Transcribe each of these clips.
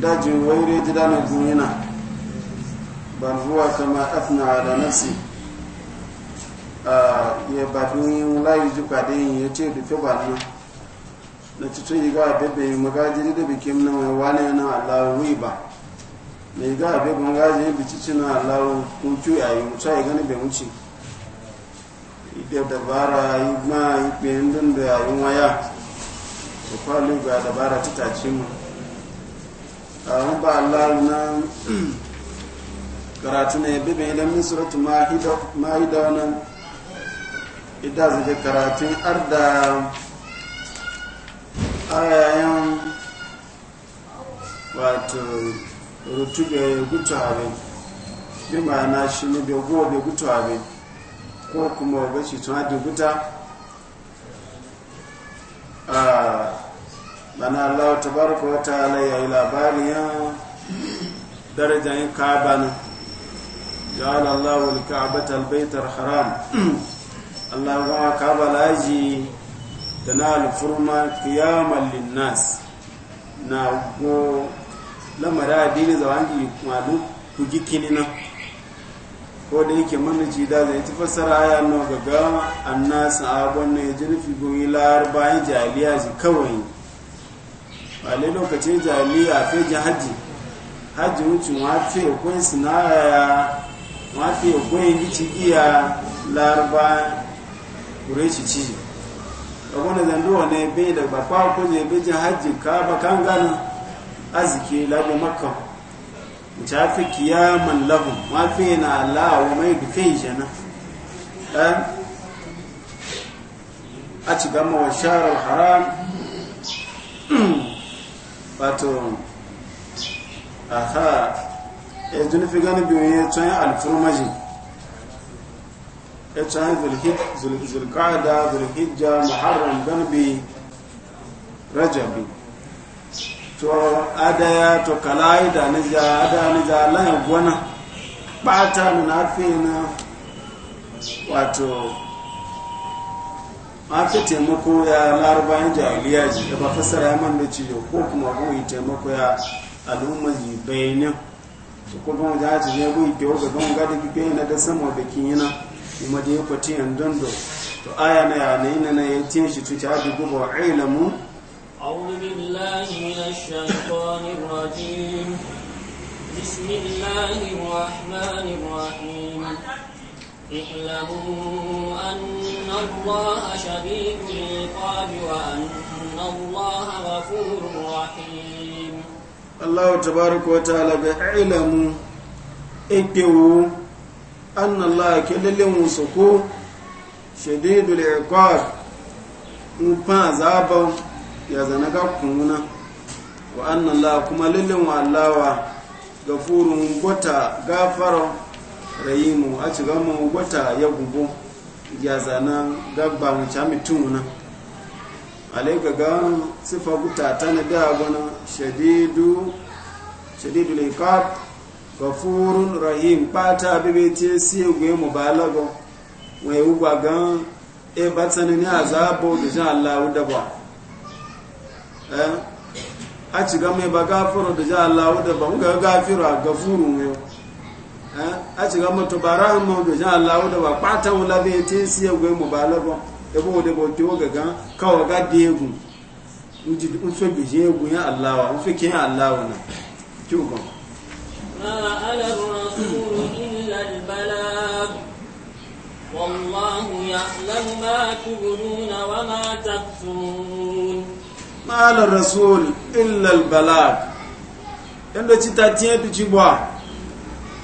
daji waire ji dana gumina barfuwa kama afna ala nafsi ya bafin layi zuka din ya ce dufe ba na na cikin yi ga bebe magaji da bikin na wane na allah ba na yi ga bebe magaji bici na allawi kun cu a yi mutu a yi gani bai wuce ide dabara yi ma yi ndun da yi waya da kwalu ga dabara ta tace mu an ba Allah nan karatu ne bibin idan min suratu ma'ida nan idan zai karatun arda ayayen wato rutube gutu abin bi ma'ana shi ne bai gobe gutu abin kuma bashi tun hadi guta a bana Allah tabaraka wa ta'ala ya yi labari ya daraja yin ne ja'ala Allah wal Ka'bata al-Baitar Haram Allah a kaba laji da na alfurma kiyamar linnas na go lamara addini za yi malu ku kini na ko da yake mana ji da zai tafasara aya no gaga annas abun ne jirfi go lahar arba'in jaliya ji kawai ale lokacin jahiliya fe ji hajji hajji wucin wa fe kwai sinaya wa fe kwai gici giya larba kure shi ci abunda zando wane bai da bakwa ko ne bai ji haji ka ba kan gana azike labu makka ta fi kiyaman lahu ma fi na Allah wa mai dufin jana eh? a ci gama wa sharar haram wato a e dun fi gani bi ye tsayin alfurmaji ya tsayin zulhijja zulqa'da zulhijja muharram gani bi rajabi to adaya to kalayi da nija ada nija lahin gwana bata na fi na wato a taimako ya laraba larabayan jahiliya ji da ba fasara ya man da ciyo ko kuma goyi taimako ya al'umma yi bayanin su ko ban da haji ne goyi ke wanda ban gada ki bayyana da sama da kin yana kuma da ya kwati yan dondo to aya na ya yana na ya tiyan shi tuta abi gubo wa ilmu بسم الله الرحمن الرحيم Allah wa tabaruku wa ta'ala bai haila mu in kewu an Allah ya ke lalle mu su ku shaidu da ya kwar in fa zaba ya zana ga kuna wa an kuma lalle mu Allah wa gafuru mu gwata gafara rayimu a ci gama wata ya gubo ya zana gaba mace mutum na alaika ga sifa guta ta na da gona shadidu shadidu laikab gafurun rahim pata abibete si egwe mu balago wai ugwa ga e batsani ne azabo da jan Allah da ba eh a ci gama ba gafuru da jan Allah da ba ga a gafuru ne Eh? a ci ga mutu ba ra'in mu da ba kwata mu ti si ya e gwe mu ba labo e bo de bo ti o ga gan ka wa ga de nji un fe je e ya Allah wa un fe ke ya Allah na ci ko ma ala rasul illa al balagh wallahu ya'lamu ma tubduna wa ma ma ala rasul illa al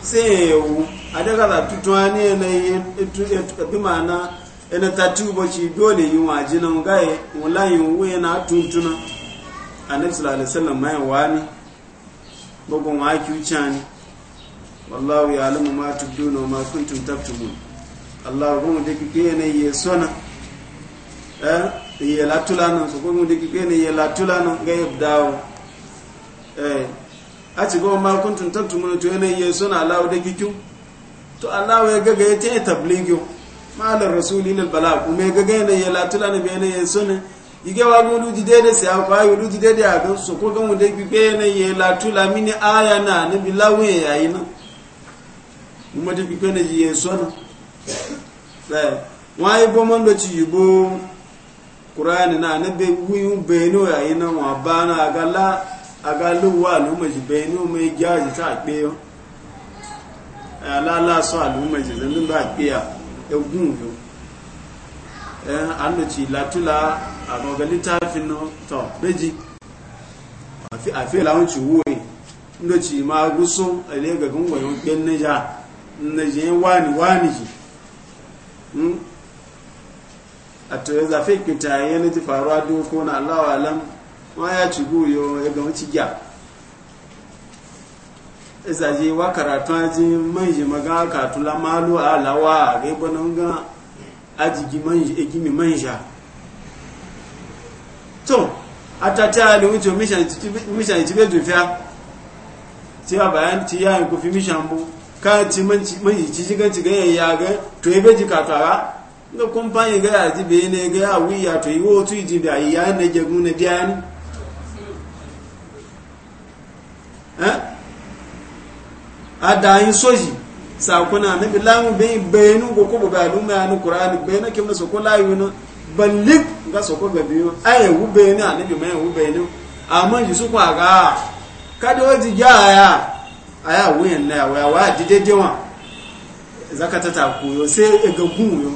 sai yawo a daga da tutuwa ne na yi mana ina ta tuba ci dole yi wa jinan gaye wulayin wuya na tuntuna a nafisar alisallam mai wani wa waki wuce ne wallahu ya alamu ma tubduna ma kuntun kuntum taktumun allah ko mu deki ke ne ye sona eh ye latulana so ko mu deki ke ne ye latulana gaye dawo eh a ci goma makuntun kuntun tattumuna to yanayin suna alawo da gikin to alawo ya gaga ya ta yi tabligin malar rasuli na bala kuma ya gaga yanayi ya latula na bayan yanayin suna ige wa gudu jide da siya kwa yi gudu jide da yagan su ko gan wuda gibe yanayi ya latula mini aya na na bilawun ya yayi nan kuma da gibe eh, na jiye suna wọ́n yí bọ́ mọ́ndọ̀ ci yìí na kúránì náà níbi wíyún bẹ̀ẹ́nù yayi nan wa ba na gala agaluwa alumaji bayani mai gyaji ta akpeyo ala so alumaji zanin da akpeya egun yo eh anuci latula agogali tafin no to beji afi afi lawon ci wuwe ci ma guso ale wayo gen ne ja ne je wani wani ji hmm ti na Allah wọ́n yá ṣùgbú yọ ẹgbẹ̀rún ti jà ẹsàjì wá kàràtún ají mọ́yìn magá kàtúlá máa ló àláwà àgbẹ́gbọ́nà ń gán ajìgì egimi mọ́yìnṣà tó atatá lè ń tó míṣàn ìtí bẹ́ẹ̀ dùnfẹ́ tí a bàyá ti yá ẹ̀kọ́ fi míṣàn bú káàtì mọ́yìn jíjí gan ti gẹ́yẹ̀ ya gẹ́ tó ẹgbẹ́ ti kàtàrá ní kọ́mpáyìn gẹ́yà àti bẹ́ẹ̀ ní gẹ́yà wíyà tó ìwó tó ìdìbẹ̀ àyíyá ẹnẹ́jẹ̀gún a dayin soji sakuna na bilamu bai bayanu ko ko ba luma ya qur'ani na kim na soko layu na ballik ga soko ga biyo aye wu bayani annabi mai wu bayani amma ji su kwa ga kada waji ga aya aya wuyan na wa wa dide wa zakata ta koyo sai e ga gun yo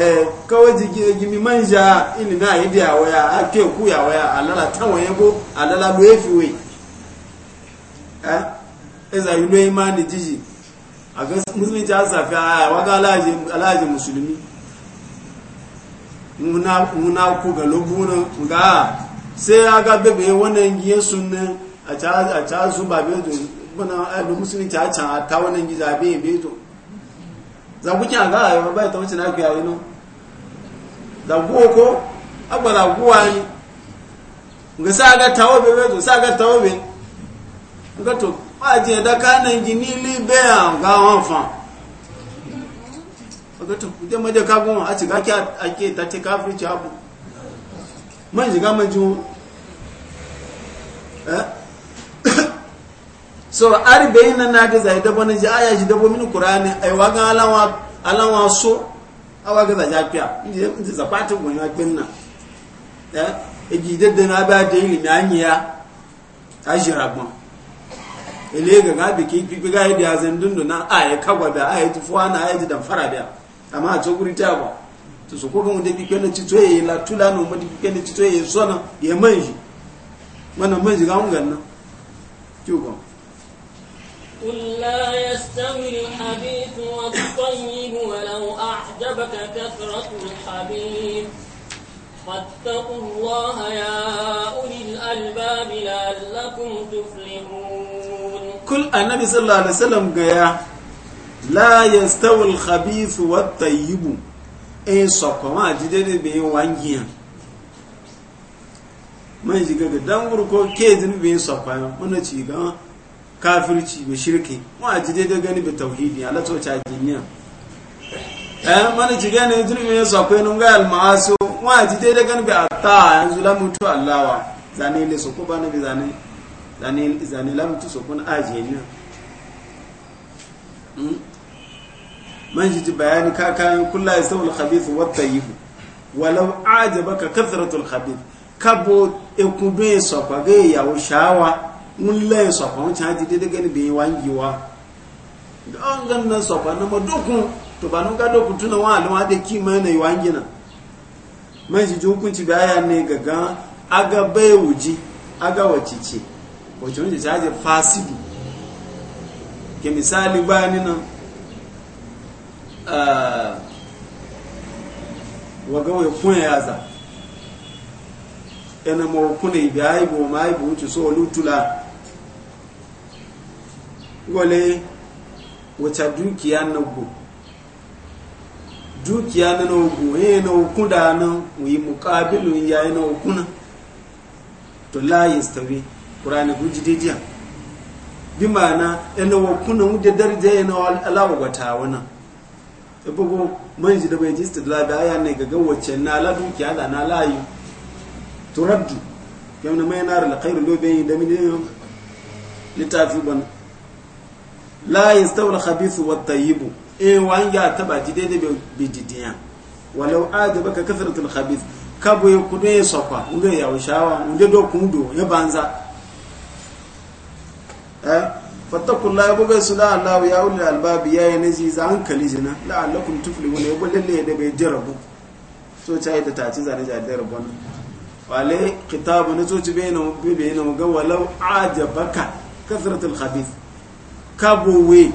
eh kawai ji gi mi manja ini na yi da ya ake ku ya ya alala tan waye go alala lo efi we Eh? eza yi ah, ma ah, ne jiji a ga musulunci a safi a waga alhaji musulmi muna ku ga lobunan ga sai a ga bebe wannan giye sunna a ca be beto wannan abu musulunci a can a ta wannan gida be be za zagukin a ga a bai ta wuce na kuyayi no nan za ko agbara guwa ne ga sa ga tawo be beto sa ga tawo nga to aji ẹ̀dá kánà jì ní ilé bẹ́ẹ̀ àgbà wọn fan ọgá tó kùdé mọ́jẹ́ kágún àti gákí àkí ìtàtí káfíríkì ààbò mọ́jì ká mọ́jì wọn so aribe yin na ga zai dabo na ji aya ji dabo mini qur'ani ai wa ga alawa alawa so awa ga za jafiya inji inji zapatin gon ya gbenna eh eji dedde na ba de ilimi anya ajira gbon ele ga ga ki ga ya zan dundu na a ya kagwa da a ya ji fuwa na a ya ji da amma a cikin ta ba to su ko wanda bi kenan ci ya la tula mu bi kenan ci ya ya manji mana manji ga mun ganna ju ko قل لا يستوي الحديث والطيب ولو أعجبك kul annabi sallallahu alaihi wasallam gaya la yastawi al-khabith wa at-tayyib e sokko ma ji dede be wangiya man ji ga dan ko ke din be sokko mana ci ga kafirci be shirki ma ji da gani be tauhidi Allah to ta jinniya eh mana ci ga ne din be sokko nun ga al-ma'asu ma ji dede gani be atta yanzu la mutu Allah wa zane le sokko ba ne be zane zane lamtu kun ajiye ni hmm? man shi ji bayani ka kayan kulla ya sauwal khabithu wata yi walau ajaba ka kathratul khabith kabo ekube sokwa ya yawo shawa mun mulle sokwa mun ta ji daga ni bin wangiwa don gannan sokwa na madukun to ba nuka dokun tuna wa alwa da kima na wangina man shi ji hukunci ga ya ne aga bai wuji aga wacice wacce wani caje fasidu ke misali bani nan eh, waga wai kun yaza yana ma kuna ibi aibu ma aibu wuce so lutula wale wacce dukiya na go dukiya na na ogun yi na okun da nan wuyi mukabilin yayi na okuna to la yi stawi kurani gunji dijiya bi ma'ana ina wa kuna mu da darja yana alawa wata wana ibugo man ji da bai jista da da aya ne ga gawace na ladu ki da na layu turaddu yau na mai na rala khairu lobe da mini littafi ban habisu wata yi bu tayyibu e, wani ya taba ji daidai bai jidiya walau baka kasar tun habis kabo ya kudu ya sofa wunde ya ushawa ndo do ya banza Eh? fattakun la bugai su da Allah ya wuli albabi ya yi nazi za hankali jina la kun tufli wani ya lalle da bai jarabu so ta yi ta taci za ja da rabu wale kitabu na soci bai na bai na ga walau ajabaka kasratul khabith kabowe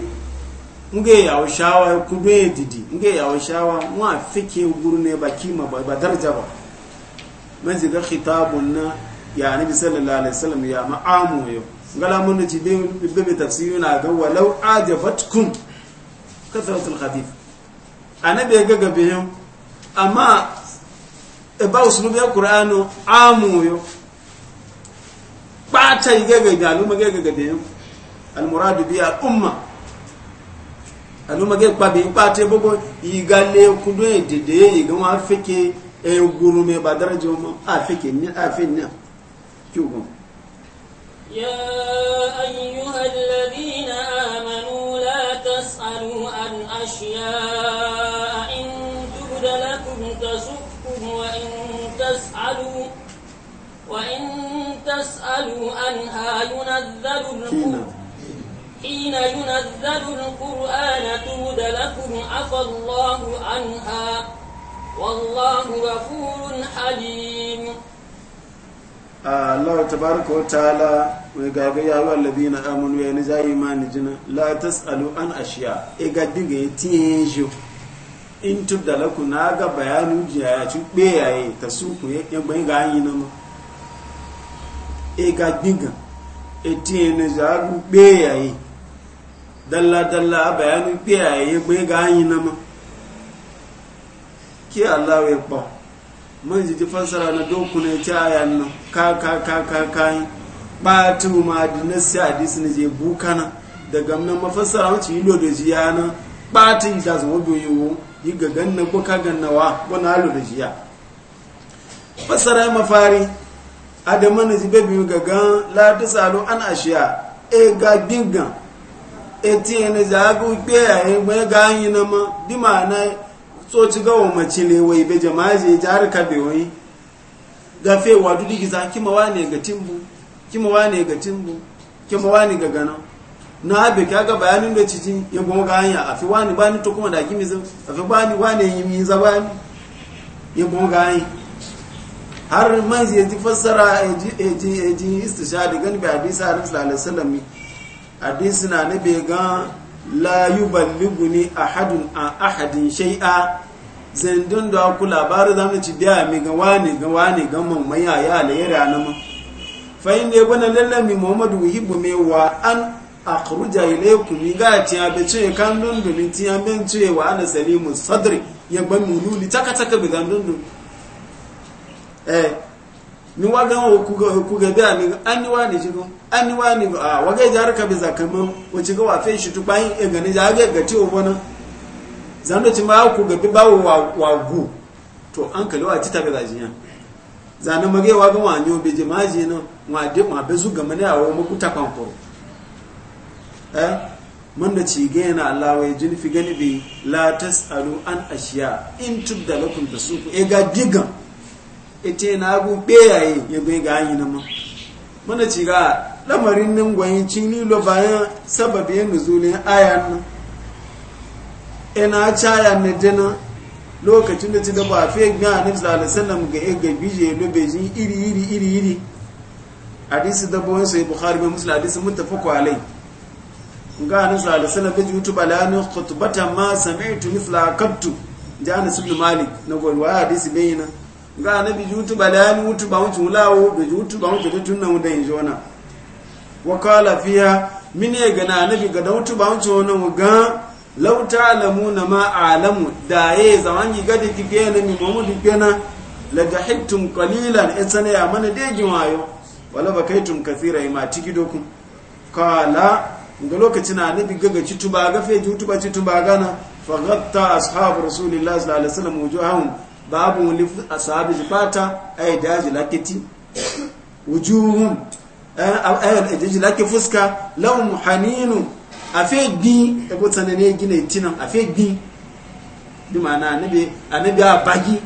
nge wa shawa ku be didi nge yawo shawa wa fike gurne ba kima ba daraja ba manzi ga kitabun na ya nabi sallallahu alaihi wasallam ya ma'amu yau ngala ci be be tafsiri na ga walau ajabatkum kasratul hadith anabi ga ga be amma e ba usulubi ya qur'anu amuyo ba ta ga ga ga lu ma ga ga be al muradu bi al umma alu ma ga pa be pa te bobo igale kudo edede igan wa feke e guru me badarajo mo a feke ni a fe ni يا أيها الذين آمنوا لا تسألوا عن أشياء إن تبد لكم تسؤكم وإن تسألوا وإن تسألوا عنها ينذر القرآن حين ينذل القرآن تبد لكم عفى الله عنها والله غفور حليم Allah tabaraka wa ta'ala wa ga ya wa alladhina amanu ya ni zai imani jina la tasalu an ashiya e ga dinga yatiye jo in tubda lakum na ga bayanu jiya ya ci be yaye ta su ku ya ke bai ga yin nan e ga dinga etiye ne za ku be yaye dalla dalla bayanu be yaye bai ga yin nan ki Allah ya ba man ji fansara na doku ne ta ayan nan ka ka ka ka ka ba tu ma dinna sai hadis ne je bukana daga nan mafassara ci yi da jiya na ba ta yi da zuwa biyu yi ga ganna ko ka gannawa na lo da jiya fassara ya mafari adama na ji biyu ga gan la ta salo an ashiya e ga bingan e ti ne za ga gbe e ya ga yin na ma di ma na so ci gawa mace lewa ibe jama'a je jihar kabewai gafe wa dudu gisa kima wa ne ga timbu kima wa ne ga timbu kima wa ne ga gana na abe ka ga bayanin da cikin ya goma ga hanya afi wani bani to kuma da kimi zan fi bani wani yi yi zaba bani ya goma ga hanya har man zai ji fassara ji istisha da gani bai hadisa har sallallahu alaihi wasallam hadisi na ne bai gan la yuballiguni ahadun an ahadin shay'a dun da ku labarin zamu ci biya mi ga wani ga wani ga mamman ya ya la yare alama fa in dai bana mai mi muhammadu hibu me wa an akhruja mi ga ti abe ce kan dun dun ti abe ce wa ana salimu sadri ya ban mululi taka taka bi zandun dun eh ni ah, waga kuga kuga da ni an ni wani jigo an ni wani a waga jar ka bi zakaman jigo wa fe shi tu bayin ga ni jage ga ga tiwo bona zando ti ma ku ga bi bawo wa wa gu to an kale wa ti ta ga zajiya zana mage waga wa nyo bi jimaji no ma de ma be zu ga mane a wo mu kuta ko eh mun da ci ga yana Allah wai jin fi gani bi la tasalu an ashiya in tudda lakum basuku e ga digan ite na abu beyaye ya bai ga yi na mana ci ga lamarin nan gwayin cin lilo bayan yin nuzulin ayan nan ina caya na dana e lokacin da ci da ba fi gina na fisala sannan ga e ga bije lobe jin iri iri iri iri hadisi da bawon sai buhari mai musulun hadisi mun tafi kwalai ga na fisala sannan bai jutu balani khutbata ma sami'tu mithla qattu ja anas malik na gwalwa hadisi bayyana ga na bi jutu ba da ni wutu ba mutu lawo da jutu ba mutu tun nan da inji wana wa qala fiha min ya gana na bi ga wutu ba mutu wana ga law na ma a'lamu da ye zaman gi gadi ki ke na mi mamu di pena la dahiktum qalilan etsane ya mana de wayo wala ba bakaitum kathira ma tigidoku qala ga lokaci na bi gaga citu ba ga fe jutu ba citu ba gana faghatta ashabu rasulillahi sallallahu alaihi wasallam wujuhahum babu wuli ashabi zifata ay daji lakiti wujuhum ay daji laki fuska lahum haninu afe gi e go tsanane gina e tinan afe gi bi na a anabi anabi abagi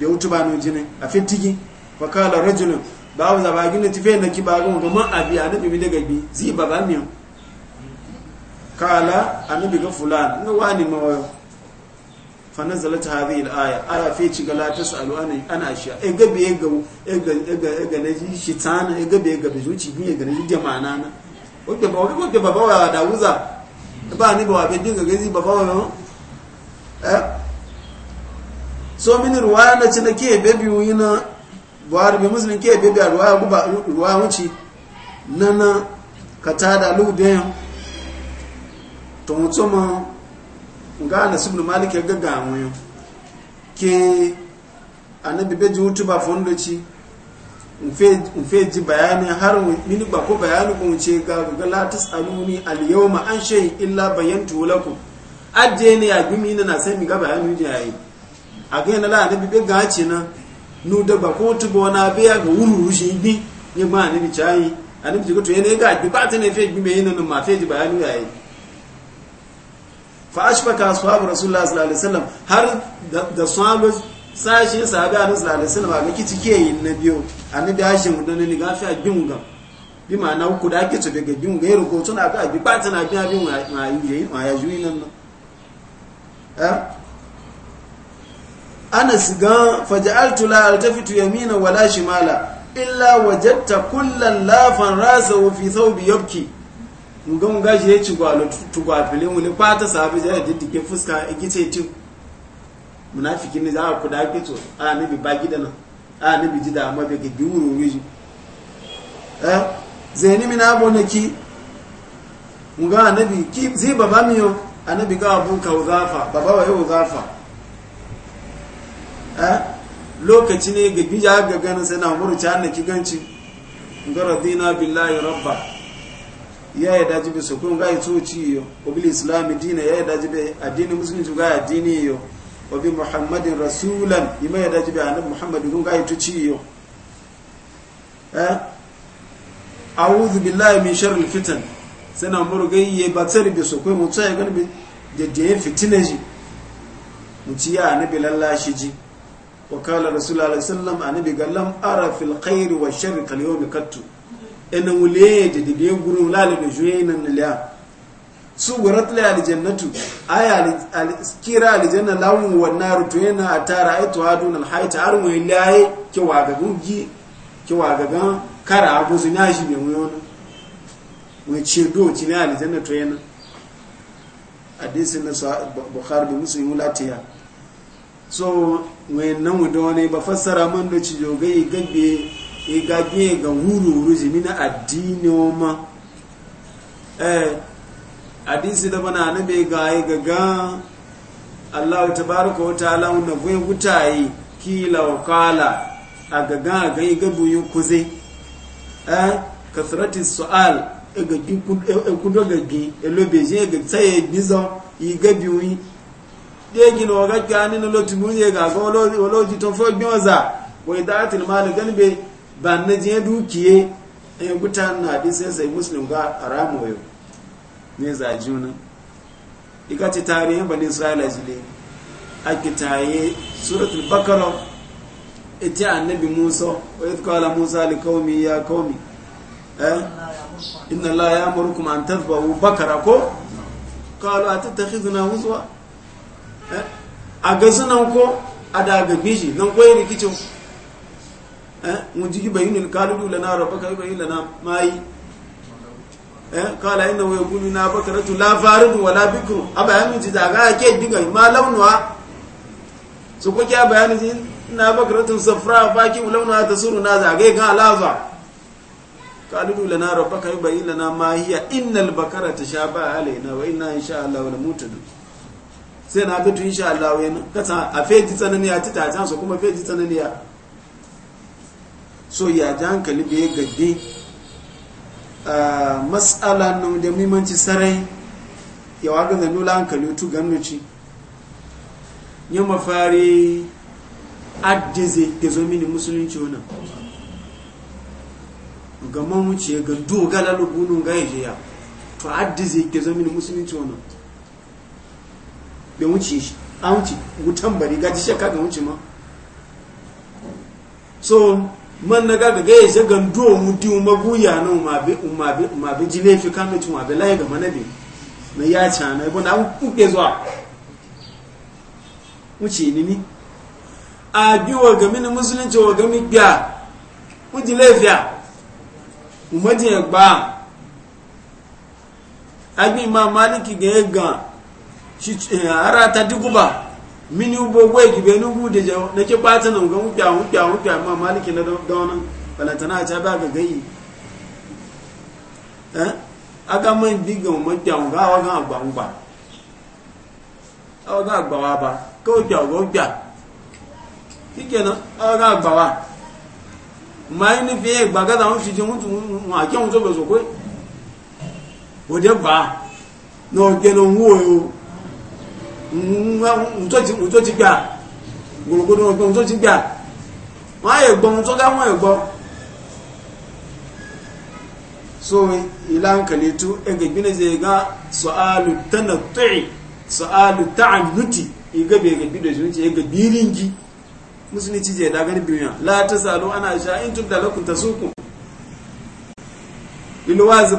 be utuba no jine afe tigi fa kala rajulun bawo za bagi ne tife na kibago ga man abi anabi bi daga bi zi ba ba miyo kala anabi ga fulani no wani mawayo fannan ta hadhihi al-aya aya fi ci gala ta salu ana ana shi e gabe e ga e ga e ga e ga ne ji shitana e gabe e ga zuci, bi ga ne ji jama'ana na oke ba oke baba wa da wuza ba ni ba be dinga gazi baba wa eh so min ruwaya na ci na ke bebi na buhari bi muslim ke bebi ruwaya ku ba ruwaya wuci nana katada lu de to mutuma nga anas ibn malik ya gaga mu ke annabi beji hutuba fondo ci mfe ji bayani har mini ba ko bayani ko ce ga ga la tasaluni al yawma an shay illa bayantu lakum ajje ne ya gumi na na sai mi ga bayani ji yayi a ga na la annabi be ga ci na nu da ba ko tubo na be ya ga wuru shi ni ne ma annabi chai annabi ji ko to ne ga ba ta ne fe gumi ne ma fe ji bayani yayi fa ashbaka ashabu rasulullahi sallallahu alaihi wasallam har da sahabo sashi sahabi annabi sallallahu alaihi wasallam ga kici ke yin na biyo annabi hashim don ne ga fi abin ga bi ma'ana ku da ake tabe ga bin ga yaro ko tuna ga bi ba na bi abin ma yi ma ya juyi nan eh anas ga faj'altu la altafitu yamina wala shimala illa wajadta kullan lafan rasahu fi thawbi yabki nga mu shi ya ci gwalo tukwa fili mu ne ba ta sabi ya diddike fuska igice tin munafiki ne za a kuda ake to a ne bi bagi da nan a ne bi da amma bi gidi wuri wuri eh zaini mina bona ki mu ga annabi ki zai baba mi yo annabi ga abu ka uzafa baba wa yau uzafa eh lokaci ne ga bija ga ganin sai na murci ki ganci ga radina billahi rabba ya yi daji bai su kun gai tsoci yo obi islami dina ya yi daji bai addini musulunci gai addini yo obi muhammadin rasulan ima ya daji bai annabi muhammadin kun gai tuci yo eh a'udhu billahi min sharri fitan sana muru gai ye batsari bai su kun mutsa ya gani jajjaye fitina ji mutiya annabi lallashi ji wa kala rasul sallallahu alaihi wasallam annabi gallam ara fil khairi wa sharri kal yawmi kattu ina wule da daga yin gurin lalaga da juye nan na liya su gurat la aljannatu aya kira aljanna lawun wan nar rutu yana atara aitu hadun alhayta arun wa liya e, ke wagagun gi ke gan kara abu zina shi me wuyo na ce do ci ne aljanna to yana hadisin na bukhari bi muslim latiya so wayannan mu da wani ba fassara man da ci jogai gabbe igage ga wuru-wuru jimina addini oma eh hadisi da bana na bai ga yi gaga allahu tabaraka wa ta'ala na gwen gutaye kila wa kala a gaga a gani gabu yi kuze eh kasratin su'al e e, e kudo gagi elobeji ga tsaye gizo yi gabi yi ɗegin wa gaggani na lotu muni ga ga waloji tun fogbin waza wai da'atin malu ganbe. ba na je dukiye yi guta na bi sai sai muslim ga haramu yau ne za juna ika ce tarihin bani isra'ila jile a kitaye suratul bakara ita annabi musa wa yadda kala musa li kaumi ya kaumi eh inna la ya kuma an tazbahu bakara ko kalu atattakhizuna huzwa eh a gazunan ko a daga biji don koyi rikicin Eh? mun jigi yi kalidu lana rabbaka bayin lana mai kala eh? inna wa yakunu na bakaratu la faridu wala bikru aba yamin ji daga ke diga ma launuwa su ko kya bayani ji na bakaratu safra baki ta suru na zaga ga alafa kalidu lana rabbaka bayin lana ma hiya innal bakara na, alaina wa inna insha Allah la mutadu sai na bitu insha Allah wa yana kasa a feji tsananiya ta san su kuma feji tsananiya so ya ji hankali bai gaddi matsala na da mimanci sarai ya waɗin da nula hankali otu gannuci ya mafari adize da zo mini musulunci wani gama wuce ya ga dogala lugunun ga yaje ya to adize da zo mini musulunci wani bai wuce shi an wuce wutan bari gaji shakka ga wuce ma so man na gaga ga yaje gando muti uma buya no ma bi uma be uma bi jile fi kan mutu ma bi lai ga manabi na ya cha na ibo na kuke mu ci ni ni a bi wa ga mini musulunci wa ga mi biya mu jile mu ma je gba a bi ma maliki ga ga shi eh, ara ta ba. mini ubo gwe gibe ni ubu na ke bata nan ga wuya wuya wuya ma maliki na da balata na ta eh? ba gayi eh ma man biga mu ga ga ba ko ja go ja kike na awa ga gba ma mai ni fi ohun tó ti gbà gbòrògbòdò ọgbọ́n tó ti gbà wọ́n àyè gbọ́ ohun tó dá wọ́n ẹ̀gbọ́ so ìlànà kàlẹ́tù ẹgbẹ̀gbẹ́ zai ga sọ́álù tánà tẹ́rì sọ́álù ta'annuti igabe gabi da zuci ya gabi ringi musulunci je da gani biyu la ta salo ana sha in tun da lokun ta suku ilu wazi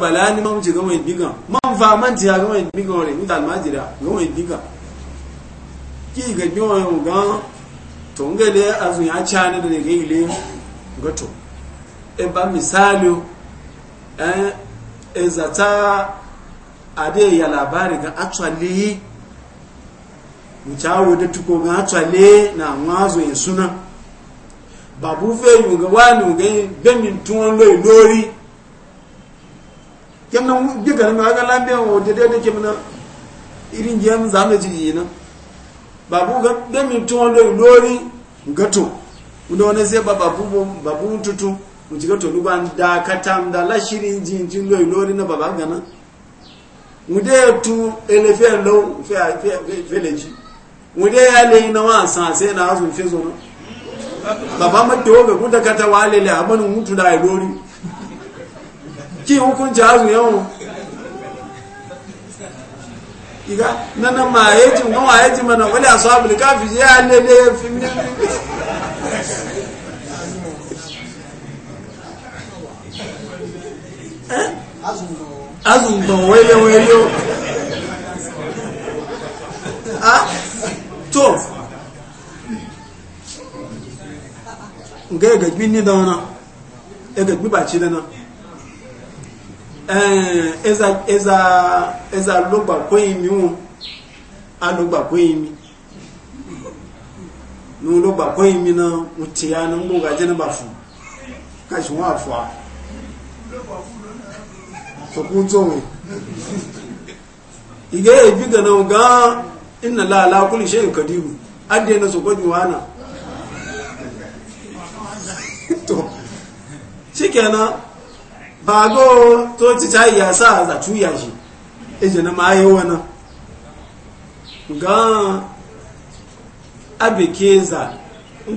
ki ga biyo ga to nga le azun ya chana da ga ile ga e ba misali eh e zata ade ya labari ga actually mutawo da tuko ga actually na mazo yin suna babu fe yu ga wani e ga bemin lori kenan na ga lambe o dede kemna irin na. babu ga dami tun wanda lori gato wanda wani sai babu babu tutu mu ci gato luban da katam da lashiri jinjin lori lori na baba gana mu de tu elefe lo fe village mu de ya le na wa san sai na azun fe zo baba ma de oga guda kata wale le amanu mutu da lori ki hukunci azun yawon iga nana ma yeji nga wa yeji mana wala ashabul kafi ya lele fi min azun don wayo wayo a to ga ga gbin ni da wana ga gbi ba ci da na Eh, eza eza eza lugba kwemi un alugba kwemi nu lugba kwemi na ya na mbuga jena bafu kashi wa fwa so ku ige ebi ga na ga inna la la kulli shay'in na so ko ba go to ci ta ya sa za tu ya e eje na ma yi na ga abeke za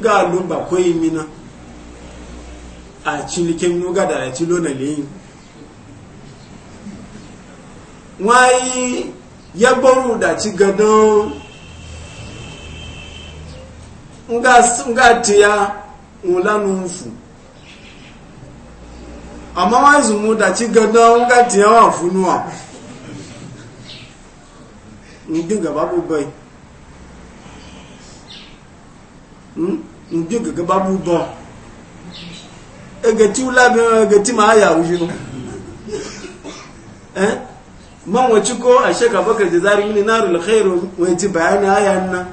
ga lumba ko na a cinikin nuga da ya cilo na leyin wayi ya gbaru da ci gadon nga tiya nlanụ mfu amma wani zumu da ci gadon gati yawa funuwa ndin gaba bubai ndin gaba bubai egeti ma aya wujinu eh man wace ko a sheka baka jazari mini narul khairu wace bayani aya nan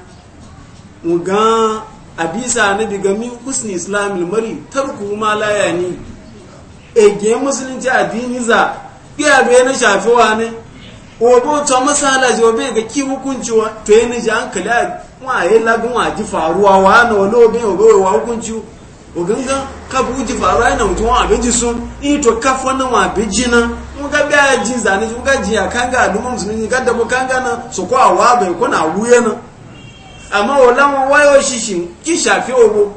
mu ga abisa na biga min husni islamil mari tarku ma la yani ege musulunci addini za biya biya na shafi wa ne obi otu masala ji obi ga ki hukunci wa to yi ni ji hankali a waye lagun wa ji faruwa wa na wani obi hukunci ogun gan ji faruwa yana mutum wa abin ji sun in to kafa na na mun ga biya ji ji musulunci kanga na a wa bai kuna wuye na amma wala wa wayo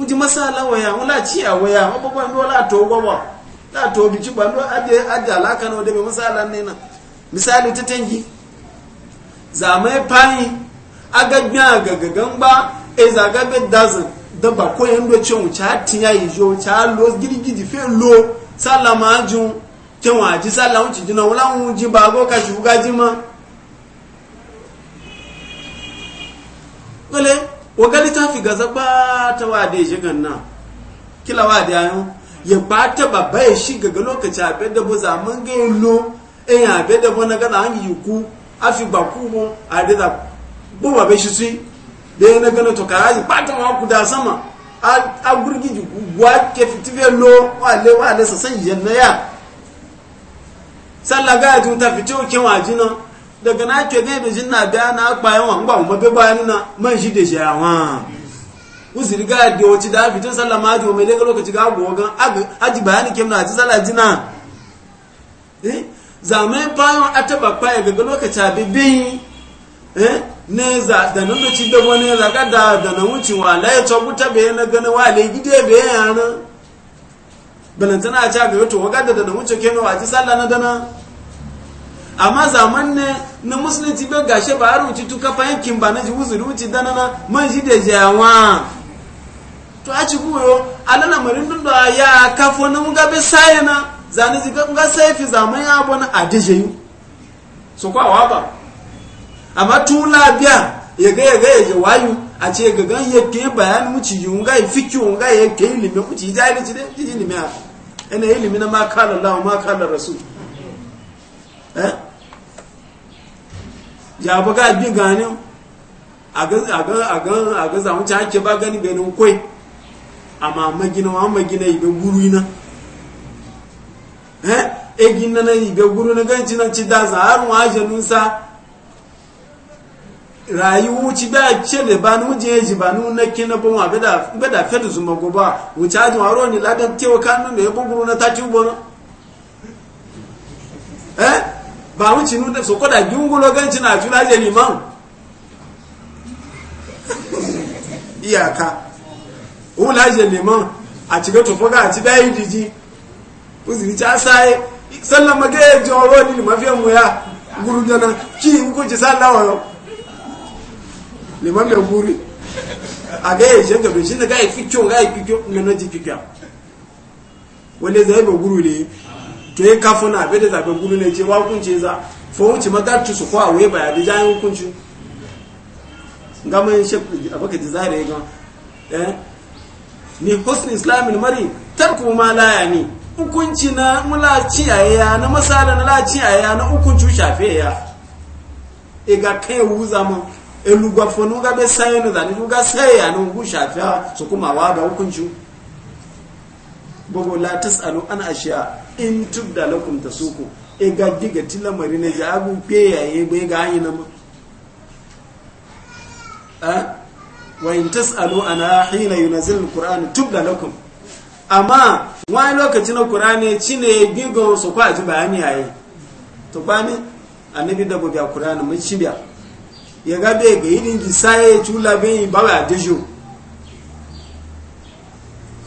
kuti masala waya wala chiya waya wabo kwa ndo la to gwa la to bi chuba ndo aje aje alaka no de masala nena misali tetengi zamai pani aga gya gaga gamba e zaga be dazan da ba ko yando chen cha tinya yijo cha lo gidigidi fe lo salama ajun ke wa ji salama unchi jina wala ji ba go ka ji ma ngale ta fi gaza ba ta wade shi ganna kila wade ayo ya ba ta babba ya shi gaga lokaci a bada bu zaman ga lo in ya bada bu na gaza an yi ku a fi ba ku mu a da za bu ba shi su da ya na gana to karaji ba ta ma ku da sama a gurgi ji guguwa ke fitife lo wale sassan yi yanna ya sallaga ya tun ta fito kewa jinan daga na ke ne da jinna na akpa wa ngba mu be na man shi da shaya wa usiri ga da wuci da fitun sallah ma ji mai daga lokaci ga go ga aji bayani kem na ji sallah jina eh zamai bayan ataba bayan daga lokaci abibin eh ne za da nan ci da wani za da da nan wuci wa la ya tabuta be na gana wa le gide be yana balantana a to da da wuce kenan wa ji na dana amma zaman ne na musulunci bai gashe ba har wuce tuka fahimkin ba na ji wuzuri wuce na man shi da jawa to a ci kuyo alana marin dun da ya kafo na muga bai saye na zane ji ga sai fi zaman ya abu na adije yi so kwa wa ba amma tula biya ya ga ya ga ya wayu a ce ga gan ya ke bayan muci yi nga ya kiwo nga ya ke ilimin muci ya jahilci ne ji ilimin ya ina ilimin na ma kala Allah ma kala rasu. eh ya ba ga bi ganin a ga zamu ci hake ba gani benin kwai amma magina wa magina ibe guru ina eh egin na ibe guru na ganci na ci da zaharun wajenun sa rayu ci da ce da ba nu je ji ba nu na kina bon wa beda beda fedu zuma go ba wuce ajin waro ni ladan tewa kanu da ya guru na ta ci ubona eh ba wuce nuna so kwada gungulo ganci na jula je liman iyaka wula je liman a cikin tufuka a ci bayi jiji uzuri ta saye sallan maga ya ji oro ni limafiyan mu ya guru dana ki hukunci sallawa yau liman mai guri a ga ya shanka bai shi na ga ya fi kyau ga ya fi kyau na na ji fi wale zai ba guru ne to ya kafu na abin da zaɓe gudu ne ce hukunci za fa wuce magarci su kwa wai baya da jayin hukunci gama yin a baka ji zare ya gama eh ni husn islamin mari tarku ma laya ne hukunci na mulaci ya na masala na laci ya na hukunci shafe ya e ga kai wuza mu e lugwa ga be sai no da ni ga sai ya no hu shafe su kuma wa ga hukunci bugu la tasalu an ashiya in tubda lakum tasuku e ga diga tilamari ne ja abu pe yaye be ga yi na ma a wa in tasalu na hina kur'ani alquran da lakum amma wani lokacin alqurani cine gigo su kwa ji bayani yaye to bani nabi da gobe kur'ani mun ci biya ya ga be ga yidin ji sai bin yi ba ba dejo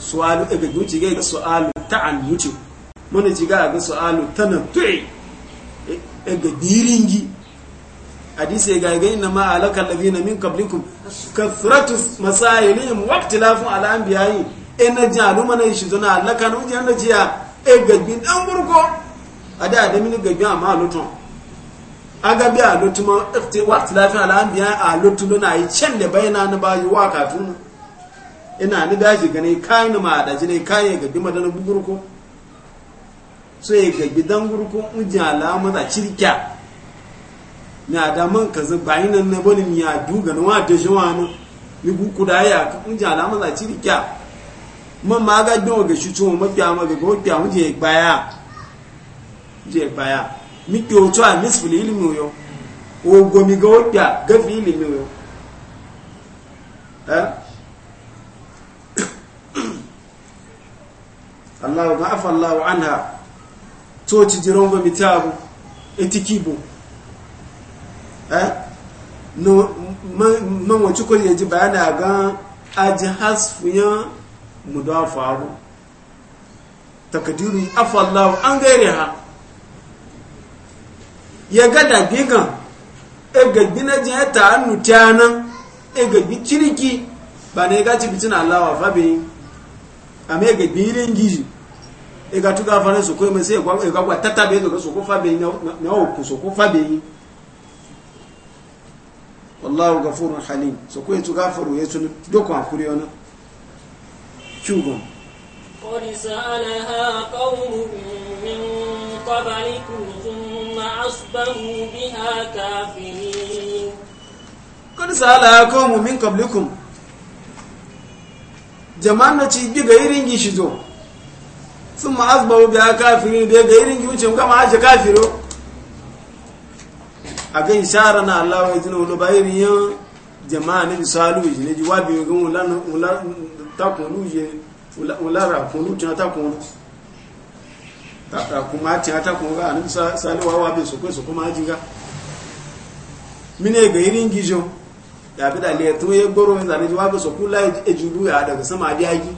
su'alu e ga guci ga su'alu ta'an yutu mana jiga e, e ga su'alu tanattu'i ga diringi hadisi ya gaga inna ma alaka alladhina min qablikum kathratu masailihim wa ikhtilafun ala anbiya'i e ji jalu mana shi zuna alaka nu na jiya e gajbin dan burko ada da min gagbin amma lutun aga bi alutu ma wa ikhtilafun ala anbiya'i alutu luna yi can da bayana na bayi wa kafin ina ni daji gani kai na ma da jine kai ga dima da burko so ya ga gidan gurkun ujin alama da cirkya na da man ka zai yi nan na bani ya duga na wa da shawa na ni guku da ya ujin alama da cirkya ma ma ga don ga shi cewa mafiya ma ga gobe ya baya gbaya uje gbaya mi ki o a misfil ilimin yo o gomi mi ga gobe ga fi ilmi eh? Allah ga afa Allah anha tsoci jirongo mitabu etikibu eh no man wacce ko yaji bayani a gan aji hasfiyan mudafaru takadiru afallahu an gaire ha ya gada bigan egagbi na jiya ta hannu ta nan e egagbi kiriki ba na ya gaci bitin allawa fabe a mai egagbi irin gizi ega tuga fana soko eme se egwa egwa kwa tata be ndo soko fa be na na oku soko fa be yi wallahu ghafurun halim soko yetu gafaru yetu doko akuri ona chugo qad sa'alaha qawmun min qablikum thumma asbahu biha kafirin qad sa'alaha qawmun min qablikum jama'an na ci diga irin gishi zo sun ma obi biya kafiri da ga irin yucin kama aje kafiro a kan ishara na Allah wa izina wani ba irin yan jama'a na misalu yi ne ji wabi ga wula takunu yi wula rakunu tun takunu kuma tun takunu ga anin saliwa wabi su kai su kuma aji ga mine ga irin gijo da bi da liyatun ya gboro yin zane ji wabi su kula ejubu ya daga sama a gi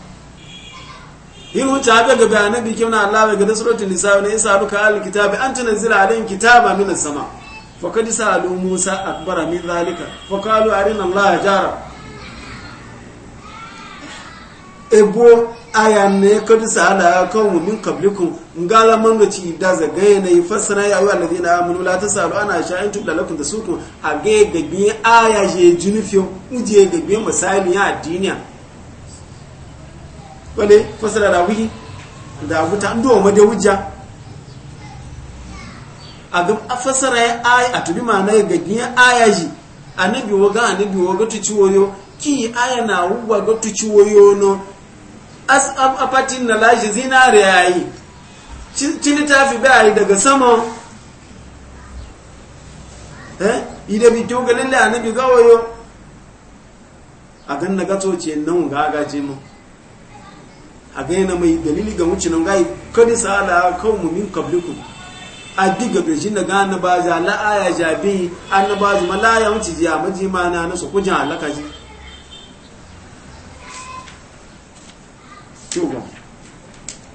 irin ta haɓe ga bayanan da kyau na Allah ga da suratul nisa ne yasa ruka al kitabi an tunzila alayhi kitaba min as-sama faqad sa'alu musa akbara min zalika faqalu arina Allah jara ebo aya ne kad sa'ala kawmu min qablikum ngala man da ci da zagaye ne fasara ya ayyuhal ladina amanu la tasalu ana sha'in tubla lakum da suku age gabi aya je junifiyo uje gabi misali ya duniya wale fasara da wiki da wuta ndo ma da wujja a ga fasara ya ay a tubi ma na ga giya ayaji anabi waga anabi waga tuci woyo ki aya na wuwa ga tuci woyo no as ab apatin na laji zinare yayi cin fi bai daga sama eh ida bi to ga lalle anabi gawayo a gan na gato ce nan ga gaje mu a gane mai dalili ga wuce nan gai kani sa'ala kan mumin kablikun a diga bai shine ga na ba za la aya jabi an na ba zu ma la ya wuce ji a maji ma na na su kujin halaka ji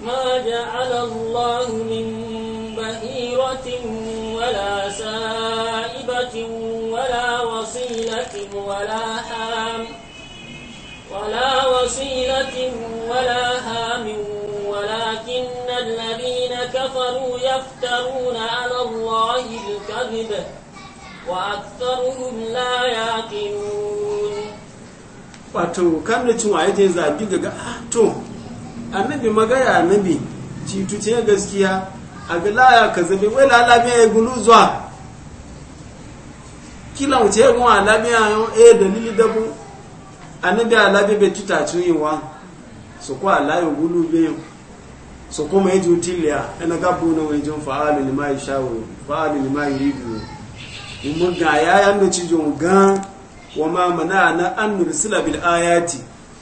ma ja'ala allah min bahiratin wala sa'ibatin wala wasilatin wala ham ولا وصيلة ولا هام ولكن الذين كفروا يفترون على الله الكذب وأكثرهم لا يعقلون wato kan da cin waye ta zagi ga ah, to annabi magaya annabi citu ce gaskiya a ga laya ka zabe wai lalami ya gulu zuwa kila wuce ya kuma lalami ya yi eh, dalili dabu anibia alabi be tuta yi wa soko alayo gulu beyo soko maiji na enaka buno wenjo alu ni ma yi sha mai fa alu ni ma yi mai ribu umuga ya ya ndo chijo mga wa mama na ana na anu risila bil ayati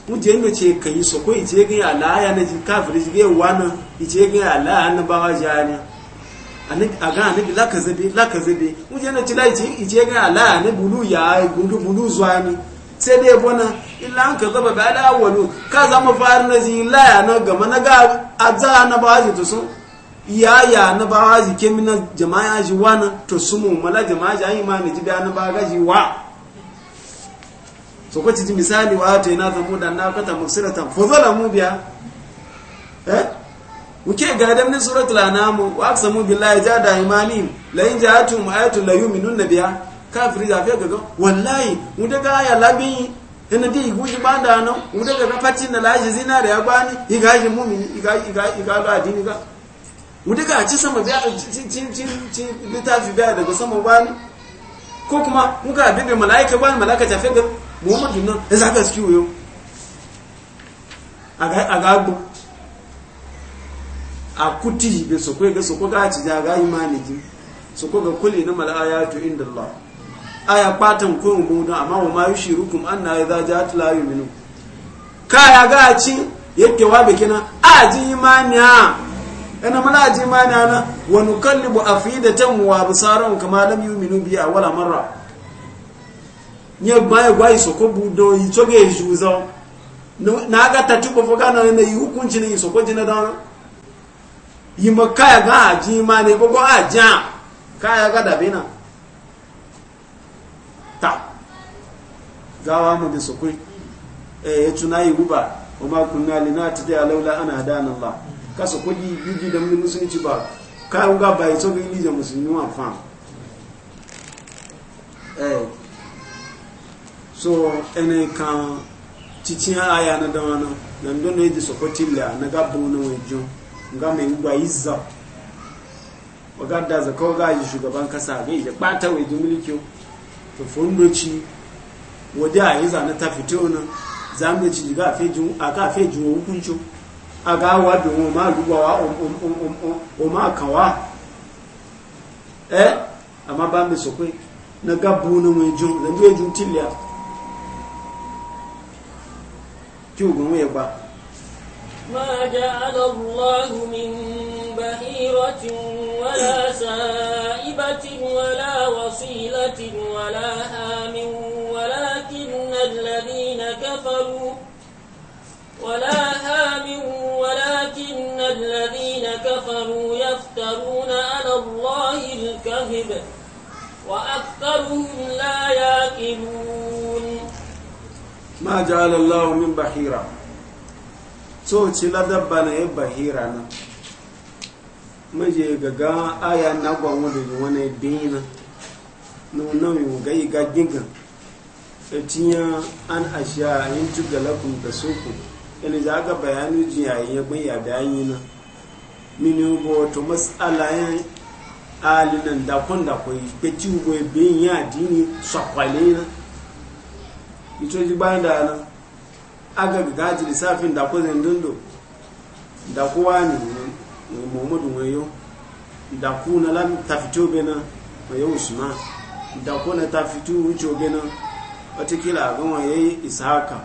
uje ndo che kanyi soko ije gen alaya na jikafri jige na ije gen alaya anu bawa jani anik aga anik la kazebi la kazebi uje ndo chila ije gen alaya ne bulu ya gundu bulu zwani sai bona ila an ka zaba ba awalu ka zama fara na zi laya na gama na ga azza na ba haji to sun ya ya na ba haji ke na jama'a ji wa na su mu mala jama'a ji yi ma na ji da na ba ga ji wa so ko ci misali wa yi na zamu da na kata mufsiratan fa mu biya wuke eh? ga adam ne suratul anam wa aqsamu billahi jada imanim la in ja'atum ayatun la yu'minun biya kafiri a gaga wallahi mu daga aya labin ina di guji banda no mu daga kafatin na laji zinare ya bani igaji mumini iga iga iga la ga mu daga ci sama biya ci ci ci biya daga sama gwani ko kuma muka malaika gwani malaika ta muhammadu nan ya zaga na inda aya patan ko mu don amma wa ma yushirukum anna idza ja'at la yu'minu kaya ga ci yake wa bikina aji imani a ina mala ji imani ana wa nukallibu afidatan wa basaran kama lam yu'minu bi awwala marra nye baye gwai ko budo itoge juzo na ga tatuko na ne hukunci ne soko jina da yi makaya ga aji imani gogo aja kaya ga dabina ta gawa mu da sukui eh ya tuna yi guba wa ma kunna lina ta da laula ana hadana Allah kasa kudi bigi da mun musulunci ba kayan ga bai so gili da musulmi wa fa eh so ene kan titin aya na dawana na don ne da sokoti la na ga bu na wajo ga me ngwa izza wa ga da zakawa ga yi shugaban kasa ga ya bata wajo mulki tofon doci wadda a yi zane ta fito na zane daga ga a ka fe jiwo hukunci a ga wa bi ma rubawa o ma kawa eh amma ba mai sokwai na gabu na mai jun zanzu ya e jun tiliya ki ogun wuya e ba ma ja'ala Allah min bahiratin ولا سائبة ولا وصيلة ولا هام ولكن الذين كفروا ولا هام ولكن الذين كفروا يفترون على الله الكذب وأكثرهم لا يعقلون ما جعل الله من بحيرة so ci ladabba na ga ga aya na gwanwa da yi wani dina na nauyi ga yi ga giga a e tiya an ashiya yin tugalakun da soko yana za ga bayanu jiyayi ya bayya bayan na mini ba wato matsala yan alinan dakon da yi ke ci ugbo ebe ya dini sakwale na ito ji bayan da nan aga gaji lissafin da kwai zindundo da kowa ne muhammadu wayo da kuna lam tafito bena wayo usman da kuna tafito wuce bena watakila yi waye isaka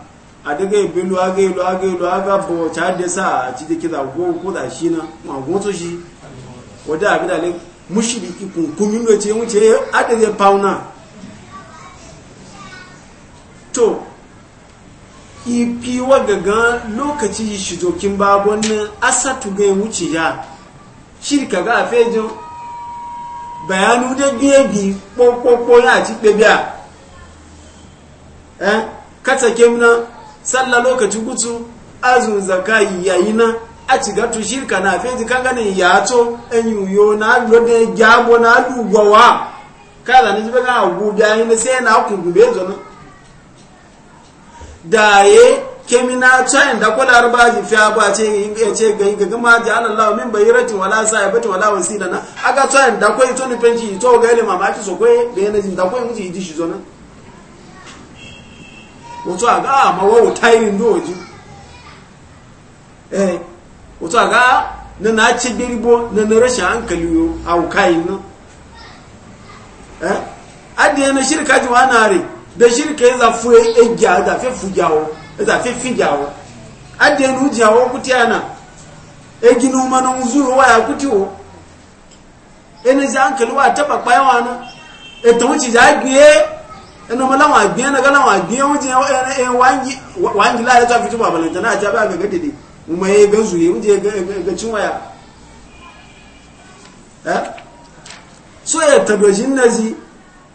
a daga ibilu aga ilu aga ilu aga bo ta da sa a ci ko da shi na ma goto shi wadda abin da mushriki ce wuce fauna kifi wagaga lokaci shijokin babon nan asatu ga wuce ya shirka ga a afejo bayanu da biyebi kpokpokpo ya ci ɗabi'a eh kata kemna salla lokaci gutu azun zakai yayi na a ci gatu shirka na afeji kan ganin ya to en yuyo na lode jabo na lugwawa kada ni jibe ga gudu yayi na sai na kun gube zo na daye kemina cayin da kula arbaji fiya ba ce ya ce gani ga gama ji an Allah min bayiratin wala sahibati wala wasila na aga cayin da kwai to ni penji to ga ile mama ki so kwai da yana jin da kwai muji ji shi zo na wato aga ah, ma wawo tayin doji eh wato aga na na ci diribo na na rashin hankali yo au kai no eh adiye na shirka ji wa na re beshirika eza fu ejya eza fe fujawo eza fe fijawo ana ujawo kutiana eginuma no muzuru waya kutiwo ene zankelu wa taba paya wana eton chi jagbe eno mala wa gbe na gala gbe unji e wanji la ta fitu baba ya ja ba ga gadede uma ye ga zuye unje ga ga waya so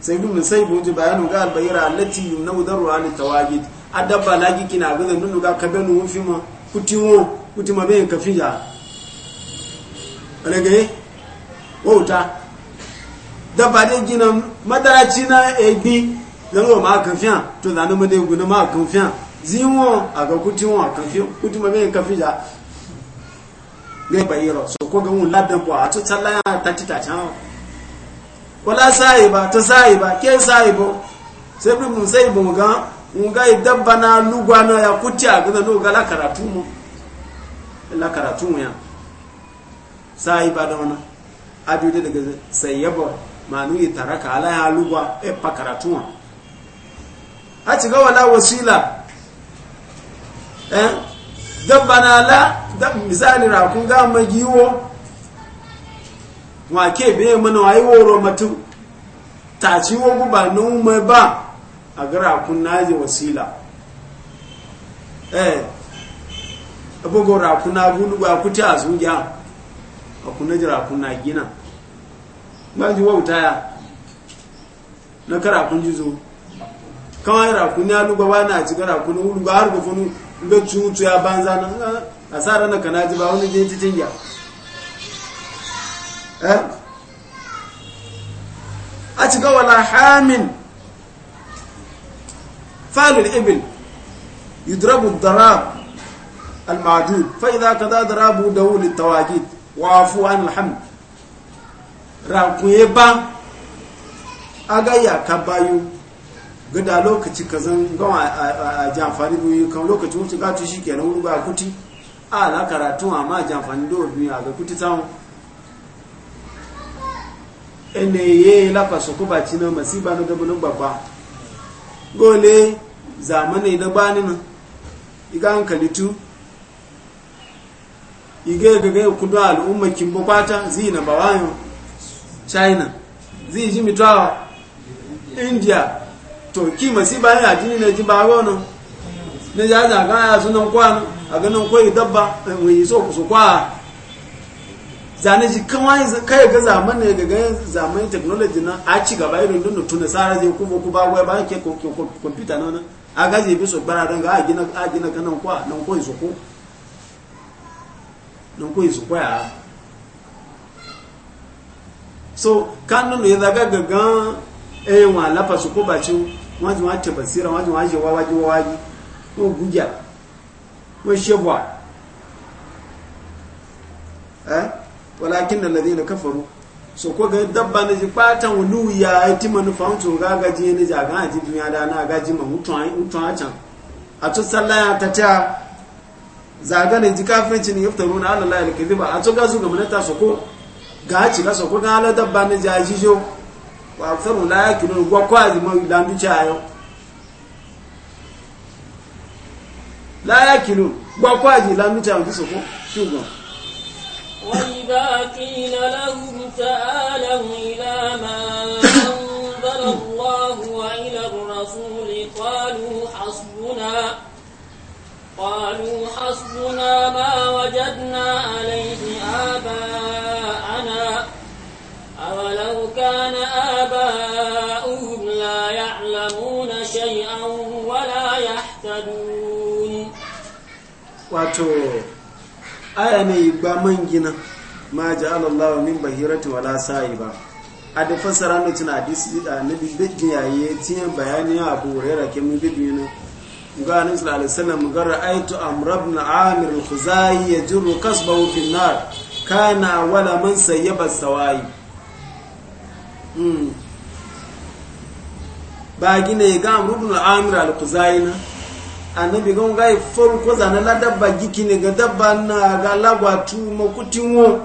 sai bin mun sai ji bayanu ga albayra allati yumnu daru an tawajid adabba lagi kina ga zan ga kabenu fi ma kutiwo kutima be kafija alage wauta dabba de gina madaraci na egbi zan wa ma kafiya to zanu mu dai ma kafiya zinwo aga kutiwo kafiyo kutima be kafija ga bayira so ko ga mun ladan bo a to tsalla ta tita can wala sahiba ta sahiba ke sahibo sai bi mun sai mu ga mun ga dabba na lugwa na ya kutiya ga no ga la karatu mu la karatu mu ya sahiba da wana abi da daga ma nu yi taraka ala ya lugwa e pa karatu mu a ci ga wala wasila eh dabba na la da misali ra kun ga magiwo wake biye mana wayi woro matu ta ci wo guba nun ba a gara kun naji wasila eh abugo ra kun na gunu ba ku ta su ja a kun jira kun na gina ba ji wauta ya na kara kun ji zo kawai ra kun ya lugo ba na ci gara kun ulu ga har go funu ga tutu ya banza na asara na kana ji ba wani je cikin ya Eh? a ci ga wala hamin falul ibil yudrabu darab al-ma'dud fa idha kada darabu dawu litawajid wa afu an alhamd rankuye ba aga ya ka bayu gada lokaci kazan gawa a jamfani biyu kan lokaci wuce gatu shi kenan wuri ba kuti a na karatu amma jamfani da biyu a ga kuti samun ene ye lafa su kuba ci na masiba na dabanin babba gole zamanai na bani nan iga hankali tu iga gaga ya kudu al'umma kin bukwata zi na bawayo china zi ji mitawa india to ki masiba ya jini na ji bawo nan na jaza ga ya sunan kwan a ganin kwai dabba eh, wai so ku su kwa zane ji kawai kai ga zamani ga ga zamani technology na a ci gaba irin dun da sara zai kuma ku ba wai ba ke computer na nan a ga zai bi so bara dan ga a gina a gina kanan kwa nan ko iso ko nan ko kwa so kan nan ya daga gaga eh wa la fa su ko ba ci wa ji wa ta basira wa ji wa ji wa wa ji wa ji ko guja ko shebwa eh walakin alladhina kafaru so ko ga dabba na ji patan wulu ya iti manufan to ga gaji ne ja ga ji duniya da na gaji ma mutuwa a can a to sallaya ta ta zaga ne ji kafirci ne yaftaruna ala la alkidhiba a to ga su ga manata so ko ga ci ga so ko ga ala dabba ne ja ji jo wa faru la yakilu gwa kwazi ma da mi chayo la yakilu gwa kwazi la mi chayo so ko shugo وإذا قيل لهم تعالوا إلى ما أنزل الله وإلى الرسول قالوا حسبنا قالوا حسبنا ما وجدنا عليه آباءنا أولو كان آباؤهم لا يعلمون شيئا ولا يهتدون aya ne ba man gina ma ja'ala Allah min bahirati wala sa'iba a da fasara ne tana hadisi da nabi bidin yayi tiyan bayani Abu Hurairah ke mun bidin ne ga annabi sallallahu alaihi wasallam ga ra'aytu amr ibn amir al-khuzai yajru kasbahu fi an-nar kana wala man sayyaba sawai hmm. ba gina ga amr ibn amir al-khuzai na annabi gan gai ko zane la dabba giki ne ga dabba na ga lagwatu makutin wo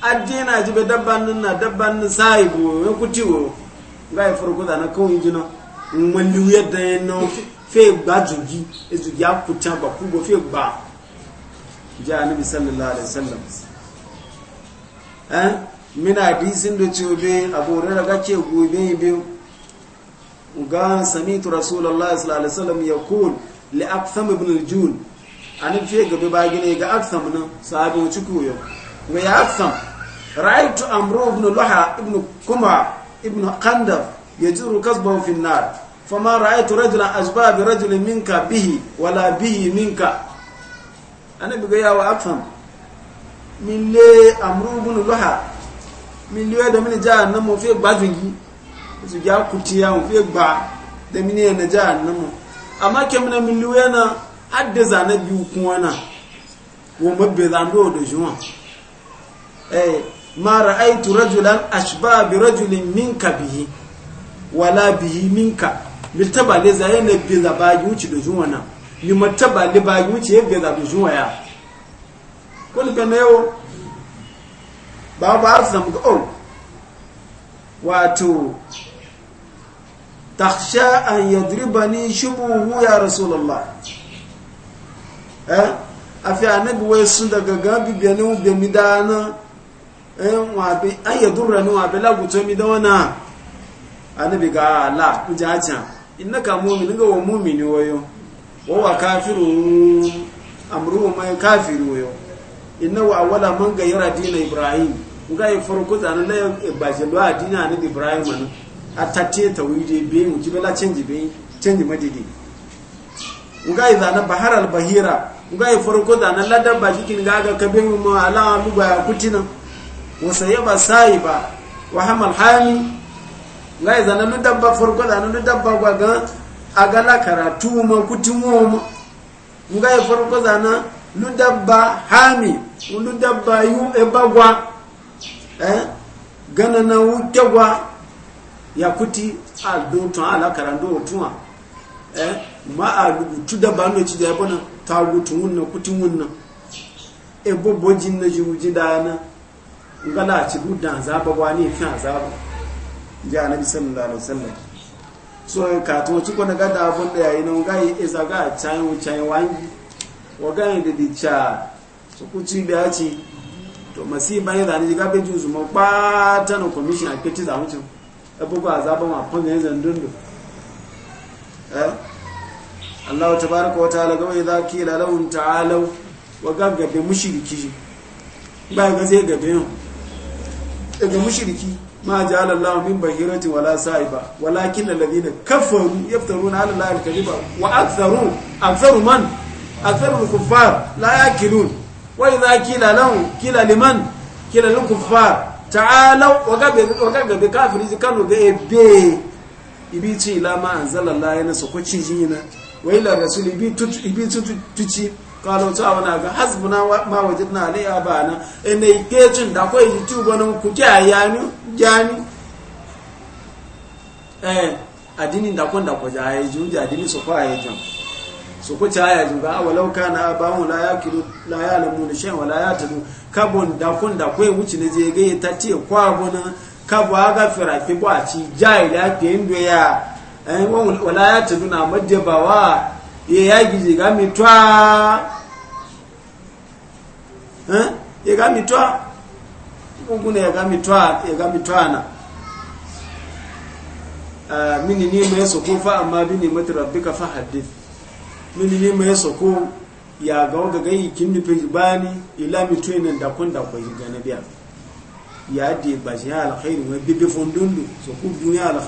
adde na ji be dabba nan na dabba nan sai bo ya kuti wo gai ko zane kan yi jina mallu yadda ya no fe gba jugi ezu ya kuta ba ku go fe gba ja annabi sallallahu alaihi wasallam eh mina hadisin do ce be abu rara ga ce gobe biyu ga samitu rasulullahi sallallahu alaihi wasallam yaqul li aktham ibn al-jun an fi gabi ba gine ga aktham nan sahabin ciku yau ga ya aktham ra'aytu amru ibn luha ibn kuma ibn qandab yajru kasbahu fi an-nar fama ra'aytu rajulan asba bi rajulin minka bihi wala bihi minka annabi ga ya wa aktham min le amru ibn luha min le da min jahannam fi gbadun yi su gya kuti ya fi ba da mini na jihar namu amma kem na milu yana adda zane biyu kuma na goma bai zando da juwa eh ma ra'aitu rajulan ashba bi rajulin minka bihi wala bihi minka miltaba le zaye na bi za ba wuce da juwa na yi mataba le ba yuci ya bi za da juwa ya kulka na yau ba ba su zama ga oh, wato taksha an yadribani shubuhu ya rasulullah eh afi anabi wai sun daga gabi biyanin biyami dana an yadurra ni wa bela guto mi da wana anabi ga ala kuja ajan innaka mu'min ga wa mu'mini wayo wa wa kafiru amru ma kafiru wayo innahu awwala man gayyara dina ibrahim ga farko zanan da ba ibrahim a atatiye tawide be mu kibela canji be change madidi nga idha na bahar al bahira nga farko da na ladan ba jikin ga ga kabe mu ala mu ba kutina wasayaba saiba wa hamal hami nga yi zana na dabba farko zana na dabba gwa ga agala karatu ma kutin mu nga yi farko da na ludabba hami ludabba e ba gwa eh gana na gwa. yakuti adotun alakarando otunwa eh ma alugutu daba no ci da ya bona kuti wunna kutin wunna e bobo jin na juji dana ngala ci gudan zaba wani kan zaba ya nabi sallallahu alaihi wasallam so eh, ka to ci ko ga da abun da yayi nan gai e zaga chayin chayin wangi wa gai da dicha so kuti da ci to masiba ne da ni ga be juzu mo pa tanu commission a kiti za mutum abubu azaba ma fun ne zandundu eh Allah tabaaraka wa ta'ala ga idza qila lahum ta'alu wa gaggabe mushriki ba ga zai gabe yau daga mushriki ma ja'ala Allah min bahirati wala sa'iba walakin alladhina kafaru yaftaruna 'ala Allah al ba. wa aktharu aktharu man aktharu kufar kuffar la yaqilun wa idza qila lahum kila liman kila lil-kuffar ta'alau waga gabe kafiri ji kanu ga ebe ibi ci ilama an zalalla ya nasa kwaci jina wai la rasul ibi tuci kalo ta wani ga hasbuna ma wajen na alai a ba na ina ike cin da kwai yi tuba nan ku kya yani jani eh adini da kwan da kwaja ya ji adini su kwa ya jan su ku caya zuga walau na bamu la yakilu la lamu da shan wala yatadu kabon da kun da kai wuce na je ga ta ce kwa bona kabo aga fira ki ba ci jahila ke ndo ya eh wala yatadu na madde bawa ye ya gije ga mitwa eh ye ga mitwa kungu ne ga mitwa ye ga mitwana eh, mini ne mai su kufa amma bi ne mutu rabbika fa hadith mini ne mai sako ya ga ga gayi kin nufi bani ila mitu nan da kun da kwai ga biya ya de ba shi alkhairi wa bibi fundundu so ku duniya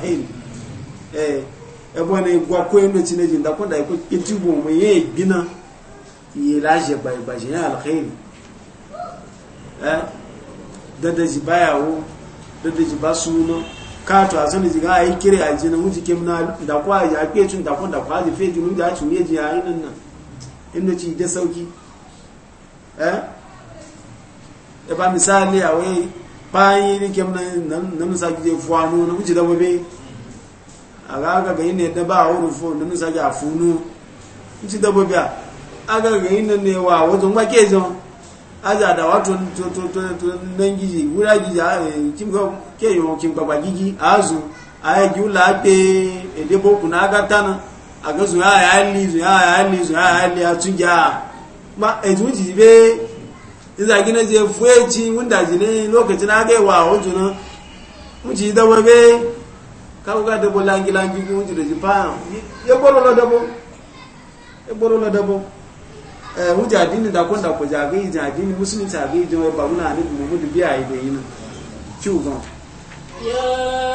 eh e gwa ko yin ne da kun da kiti bo mu ye gina yi laje bai ba shi alkhairi eh da da ji baya wo da da ji ba kato a sani jiga ayi kiri a jina mu kem na da a ya ke tun da kun da kwa ji fe jinu da tun ye ji ayi nan nan inda ci da sauki eh e misali a wai bayan yi kem nan nan sa ji fuano na mu ji da babe a ga ga ga ne da ba wuri fo nan sa a funu mu da babe a ga ga ne ne wa wajen ba ke aja da wato to to to nan giji wura giji a kimga kéèyàn òkè gbàgbà gígí àázùn àyẹ̀jì ó láàgbé èdè bókù náà gátánà àgọ́sùn àyà àìlì ìzùn àyà àìlì ìzùn àyà àìlì àtúnjà ma ètùn ti bẹ́ ìzàgí náà ti fún èjì wúndàjì ní lókèjì náà gẹ̀wà òjò náà ń ti dọ́wọ́ bẹ́ káwọ́gá kí a يا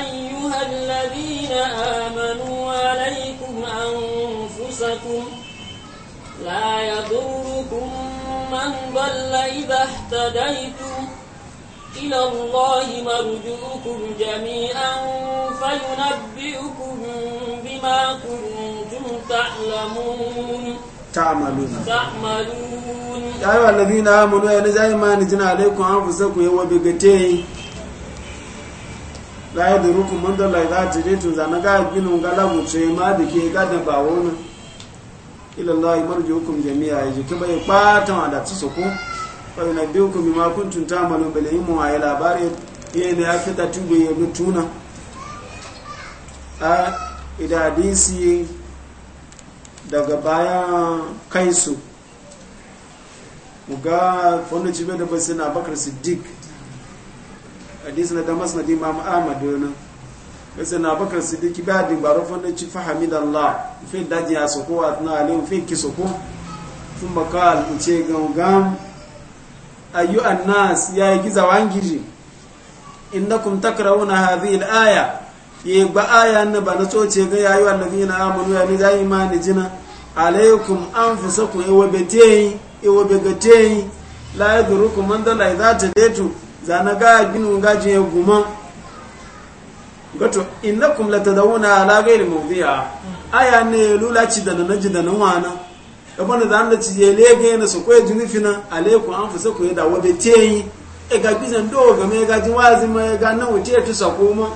أيها الذين آمنوا عليكم أنفسكم لا يضركم من ضل إذا اهتديتم إلى الله مرجعكم جميعا فينبئكم بما كنتم تعلمون تعملون تعملون يا أيها الذين آمنوا يا نزاي ما نجنا عليكم أنفسكم يوم بقتين la ya da rukun mun dala ga tire to zana ga ginu ga lagu ce ma da ke ga da ba wona ila Allah hukum jami'a ya jike bai fata da su ko bai na biyu ku ma ta tamalu bil ilmu yi labari ya ne ya fita tubu ya mutuna a idadisi daga bayan kaisu ga wanda cibe da basina bakar siddiq hadisi na da masnadi imam ahmad wani kasi na bakar sidiki ba di gbaro fanda ci fahami da allah fi daji a soko a tana alim fi ki soko sun baka alice gangan ayu annas ya yi giza kun takara takrawuna hadhihi al-aya yi ba aya na ba na tsoce ga yayi na amanu ya ni ma ni jina alaikum anfusakum teyi betei ga teyi la yadurukum man za ta detu zana ga ginu ga ya guma gato innakum latadawuna ala ghairi mawdi'a aya ne lula ci da na ji da na wana da bana da anda ci yele lege na su koyi fina alaikum an fusa koyi da wabe teyi e ga bizan do ga me ga ji wazi ma e ga nan wuce ta ma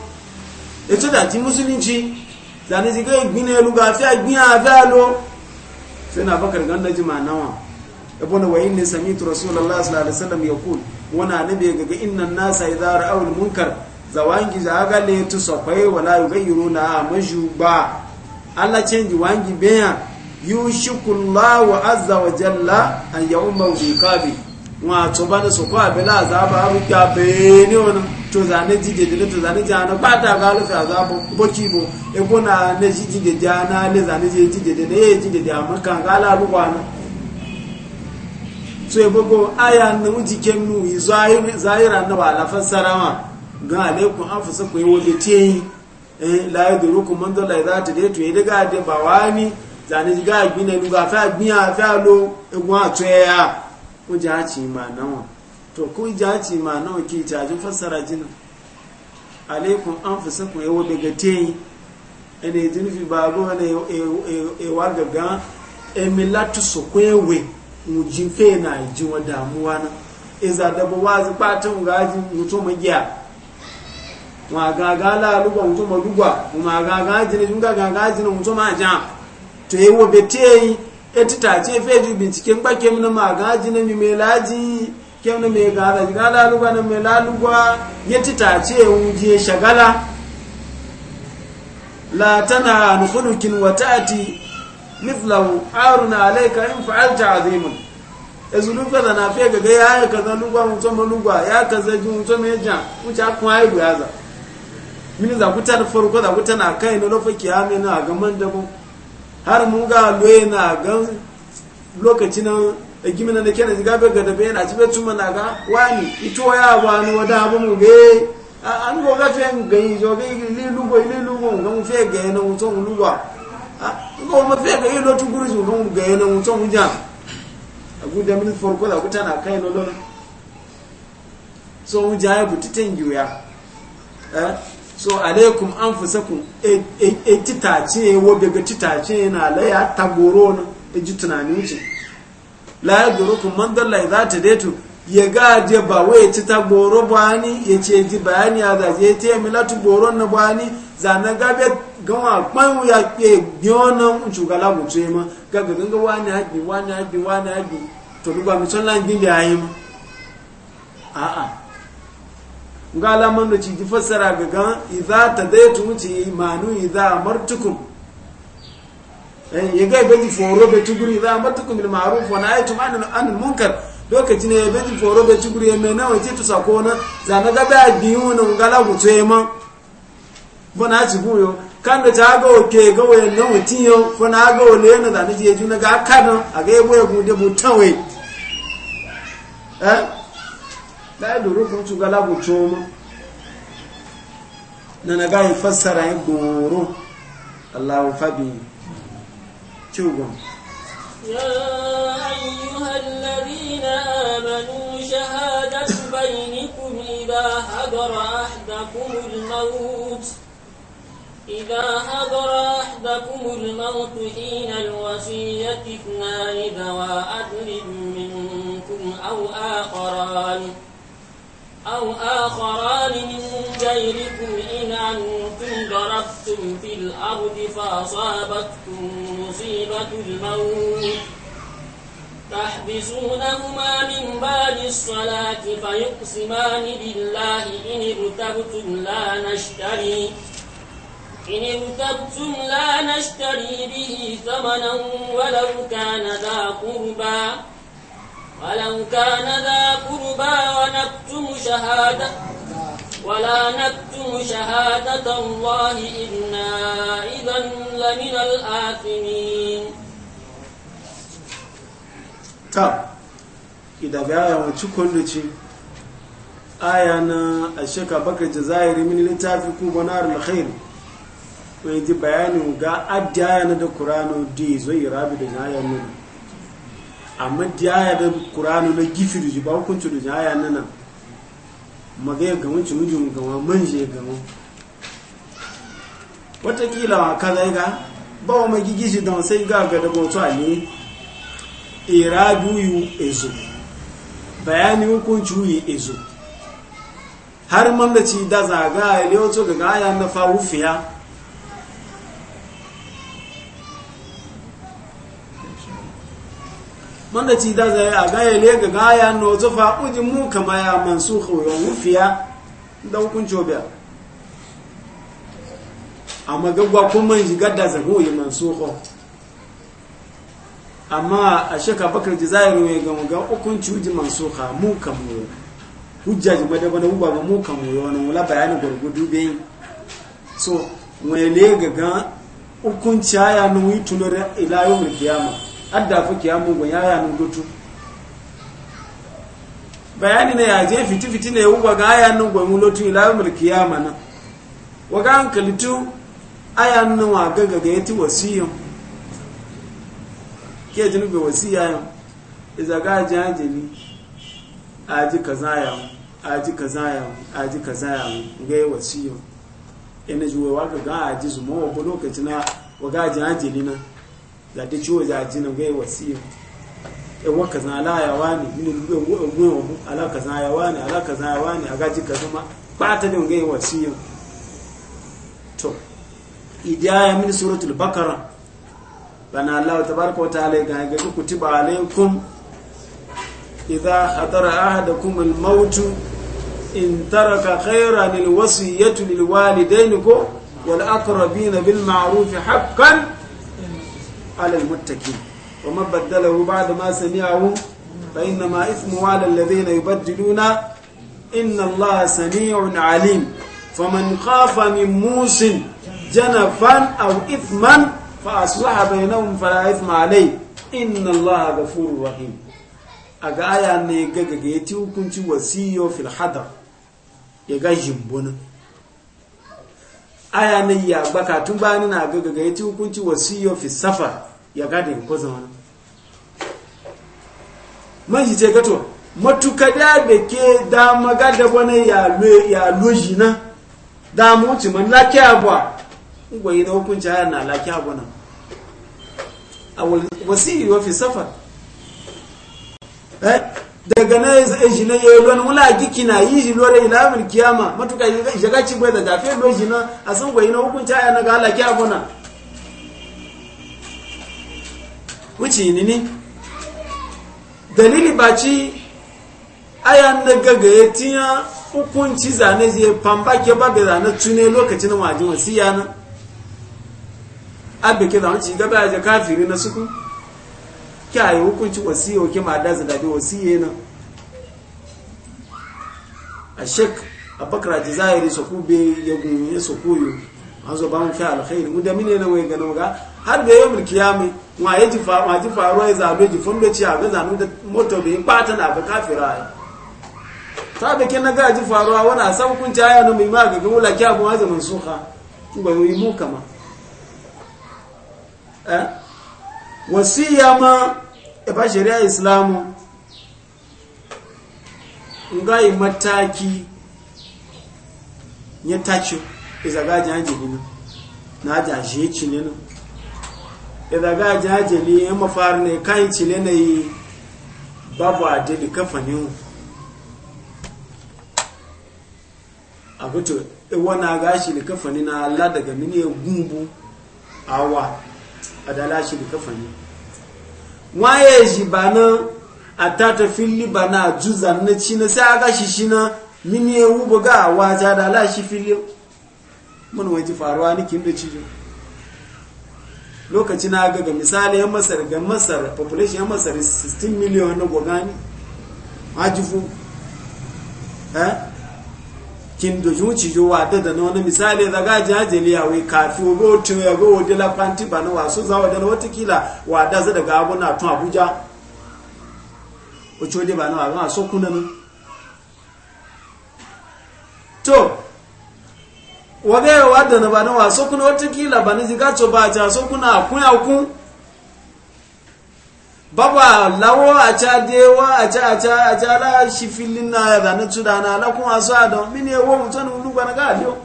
e to da ti musulunci zane ji ga gbine luga fi agbin adalo sai na bakar ganda ji ma nawa ne sami wa inni lasu rasulullahi sallallahu alaihi wasallam yaqul wana ne be gaga innan nasa idza ra'aw al munkar zawangi za ga le tu safai wala yughayyiruna majuba Allah change wangi beya yushikullahu azza wa jalla an yawma bi wa to bana so ko abela azaba abu ka be ni ona to za ne jide de to za ne jana ba ta ga lu fa azabo bo ki bo e bona ne jide jana ne za ne jide de ne jide de amaka ga la ru kwa na so ya bago aya na wujiken nuyi zahira na na fassara ma ga alaikun an fusa ku yi wani tiyayi eh, la ya duru man dola za ta daito ya daga da ba wani ji ga gbi na luga fa gbi a fa lo egun ato ya ko ji haci ma to ko ma an daga ene ba go ne e emilatu e, e e sokwewe mujin ji na ji wa damuwa na iza da ba wa zi patin gaji mutum magiya ma gaga la lugwa mutum magugwa ma gaga jini jin gaga gaji mutum a ja to yi wa bete eti ta ce fai ji binciken ba kem na ma gaji na mi mai laji kem na mai gara ji gala lugwa na mai ya ti ta ce wuje shagala la tana nukulukin wa ta'ati mithlahu aruna alayka in fa'alta azimun ezulu fela na fe gaga ya ka zan lugwa mutu ma lugwa ya kaza zan ji mutu ma jan mutu akun ayu ya za mini za kuta da farko za kuta na kai na lofa kiyame na ga man da mu har mu ga loye na ga lokaci na gimina da kenan ga be ga da be na tibe tuma na ga wani ito ya ba ni wada abu mu ge an go ga fe ga yi jo ga li lugo li lugo ga mu fe ga na mutu lugwa ko ma fe ga ilo tu guri zurun ga yana mutum wuja abu da min farko da kuta na kai lolon so mu wuja ya buti tengiyo ya eh so alaikum anfusakum e e, e titace wo ga titace na la ya tagoro na e ji tunani wuce la ya durukum man dalla idza tadaitu ya gaje ba wai ci ta goro bani ya ce ji bayani a zaje ya ce tu goron na bani zana gabe gawa kwan ya ke gyonan shugala mutu ma gaga ganga wani haɗi wani haɗi wani haɗi to duba mi son lan gindi ayi ma a a ga alaman da ci fassara ga gan idza tadaitu muti imanu idza amartukum eh ya ga be foro be tuguri idza amartukum bil ma'ruf wa nahaytum anil an munkar lokaci ne ya be foro be tuguri ya me nawa ci to sakona zana gabe a biyu na ngala mutu ma fana ci buyo kan da ta ga oke ga wayan nan mutin yau fana ga wale yana da nake na ga kana a ga yabo ya gude mutan wai eh da duru kun tu gala bu choma na na ga fassara yin goro Allahu fabi يا أيها الذين آمنوا شهادة بينكم إذا حضر أحدكم الموت إذا حضر أحدكم الموت حين الوصية اثنان ذوى عدل منكم أو آخران أو آخران من غيركم إن أنتم ضربتم في الأرض فأصابتكم مصيبة الموت تحبسونهما من بعد الصلاة فيقسمان بالله إن ارتبتم لا نشتري إن انتبتم لا نشتري به ثمنا ولو كان ذا قربا ولو كان ذا قربا ونكتم شهادة ولا نكتم شهادة الله إنا إذا لمن الآثمين طب إذا ya wanci kwalloci aya na a shekabakar jazayiri min littafi kuma na alkhairu wai ji bayanin ga adiyaya na da kuranu di zo yi rabi da jaya nuna amma diyaya da kuranu na gifi da jiba hukuncin da jaya nuna maga ya gama ci mujin gama manje gama watakila wa kaza ga ba wa magigi shi don sai ga ga da bautu a ne irabi e yu ezo bayani hukuncin yu ezo har man da ci da zaga ya lewato ga gaya na fa wufiya manda ci da zai a gaya le ga gaya no zufa uji mu kama ya mansu wa wufiya da hukunci obiya amma gagwa kuma ji da zago mansu mansukha amma a shaka bakar ji zairu ya gama ga hukunci uji mansukha mu kama yi hujja ji gwada bana uba ga mu kama yi wani wula bayanin gwargwado bayin so wani le ga ga hukunci haya nan yi tunar ila yau adda fuki ya mugun ya ya nun bayani na yaje fiti fiti ne wuwa ga aya nun mu lutu ila yawmul qiyama na wa ga an kalitu aya nun wa gaga ga yati wasiyo ke jinu be wasiya yau iza ga jajini aji kaza yau aji kaza yau aji kaza yau ga yi wasiyo ina juwa waga ga ga aji su wa ko lokacin na wa ga ni na za ta ciwo za a ji gai gaiwa yi in wa kaza ala yawa e, ne min gwiwa mu e, alaka zana yawa ne alaka zana yawa ne a gaji ka zama ba ta ne gai gaiwa yi to idaya min suratul bakara bana Allah barka wata ta'ala ga ga kutiba alaikum idan hadara ahadakum kuma mautu in taraka khayran al-wasiyatu lil walidayn ko wal aqrabin bil ma'ruf haqqan alal muttaki wa ma baddalahu ba'da ma sami'ahu fa inna ma ithmu 'ala alladhina yubaddiluna inna allaha sami'un 'alim faman khafa min musin janafan aw ithman fa aslaha bainahum fala ithma 'alayhi inna allaha ghafurur rahim aga aya ne gagage ti hukunci wasiyo fil hadar ya ga jimbunan aya na ya baka tun bani na ga gaga yace hukunci wasiyo fi safa ya gade ko zama na. shi ce gato matuka da da ke da magada wani ya lo ya loji na da mutu ci man laki abwa ngoyi na hukunci aya na laki abwa na awal wasiyo fi safa eh daga na eji na yelon wula giki na yi shi lore kiyama matuka shiga ci bai da dafe ji na a sun na hukunci aya na ga halaki abuna wuce ni ne dalili ba ci aya na gaga ya tiya hukunci zane zai famba ke ba bai zane tune lokacin wajen wasiya na abin ke zama ci gaba ya kafiri na suku kya yi hukunci wasiyo ki ma da zada wa wasiye nan a shek abakar jazairi su ku be ya gunye su koyo an zo ba mu fi alkhairi mu da mine na wai ganin ga har da yau mulki ya mai ma ya ji fa ma ji ruwa ya zabe ji fundo ci a ga zanu da moto bai bata na ga kafira ta da na ga ji faruwa wana san hukunci a yana mai ma ga wula kya bu zaman suka ba yi mu kama eh wasiya ma e ba shari'a islamu yi mataki ya tacho izaga e jaje ne na jaje ci ne na izaga jaje ne ya mafar ne kai ci ne yi babu adili kafanin a fito e wana gashi da kafani na Allah daga mini gumbu awa adala shi da kafani waye shi ba na a tata fili ba na juza na ci na sai aka shi shi na mini ya wubo ga wata da shi fili mun wani faruwa ni kin da cijo lokaci na ga ga misali yan masar ga masar population yan masar 16 million na gogani majifu eh kin do jun ci jo wa da da no misali da ga jajeli ya we kafi go to ya go de la panti ba no wa su za wa da wata kila wa da za daga abu na tun abuja o cho de ba no ga so kuna no to wa ga wa da na ba no wa so kuna wata kila ba ni ga to ba ja so kuna kun ya kun baba lawo a ca dewa a ca a ca a ca la shi filin na ya zane su da na lakun a sa da mini ewo mutum ulu ba na gajo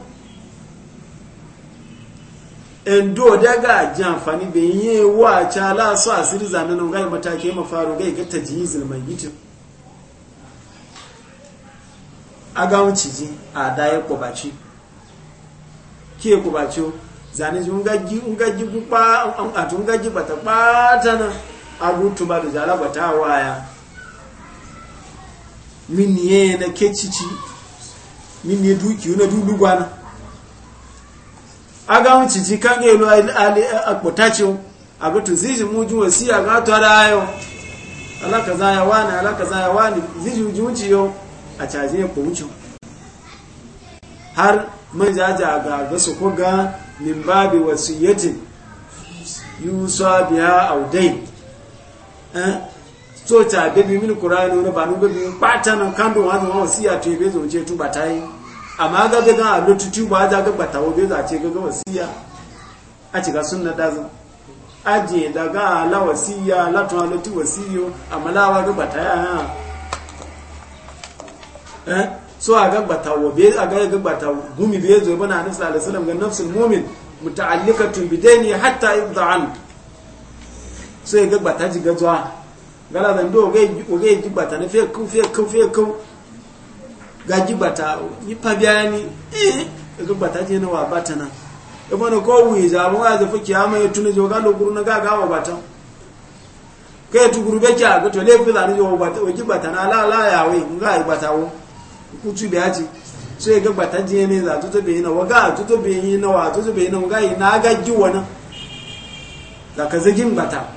endo daga ji amfani da yi ewo a ca la su a siri zane na ngal mataki ma faru gai ga ta jiyi zilman gicin a ga wuce ji a da ya kubaci ke kubaci zane ji ngaji ngaji kupa a tun ngaji bata bata na agutuma da jalabata waya min ye na kecici min ye duki na dudu gwana aga mu cici kan ga lo ali akpotacho agutu ziji muju wasi ga to ayo, ala kaza ya wani ala kaza ya wani ziji muju yo a caje ko muju har man jaja ga gasu koga nimbabi wasu min babi wasiyatin biya audain Eh? so ta bebi mini kura ne ba nun bebi pata nan kando wani wani wasi ya tuye bezo je tuba tai amma ga ga a lutu tuba da ga bata wo be za ce ga wasiya a ci ga sunna dazu zo aje daga la wasiya la to wasi wasiyo amma la wa ga bata ya eh so a ga bata wo be a ga ga bata gumi bezo zo bana nabi sallallahu alaihi wasallam ga nafsul mu'min muta'allikatun bidaini hatta yudha'an so ya ga bata ji gajuwa gala zan do oge ji bata na fiye kun fiye kun fiye kun ga ji gbata yi fa biya ni eh e ga gbata ji na wa bata na ibo e na ko wi za mu ga zafi kiyama ya tuni zo ga lokuru na ga ga wa bata kai tu guru be kya ga to le fi zani wa bata o ji gbata na la la ya we ga yi bata wo ku tu biya ji so ya ga bata ji ne za to to be na wa ga to to be na wa to to be na ga yi na ga ji wana da ka zagin bata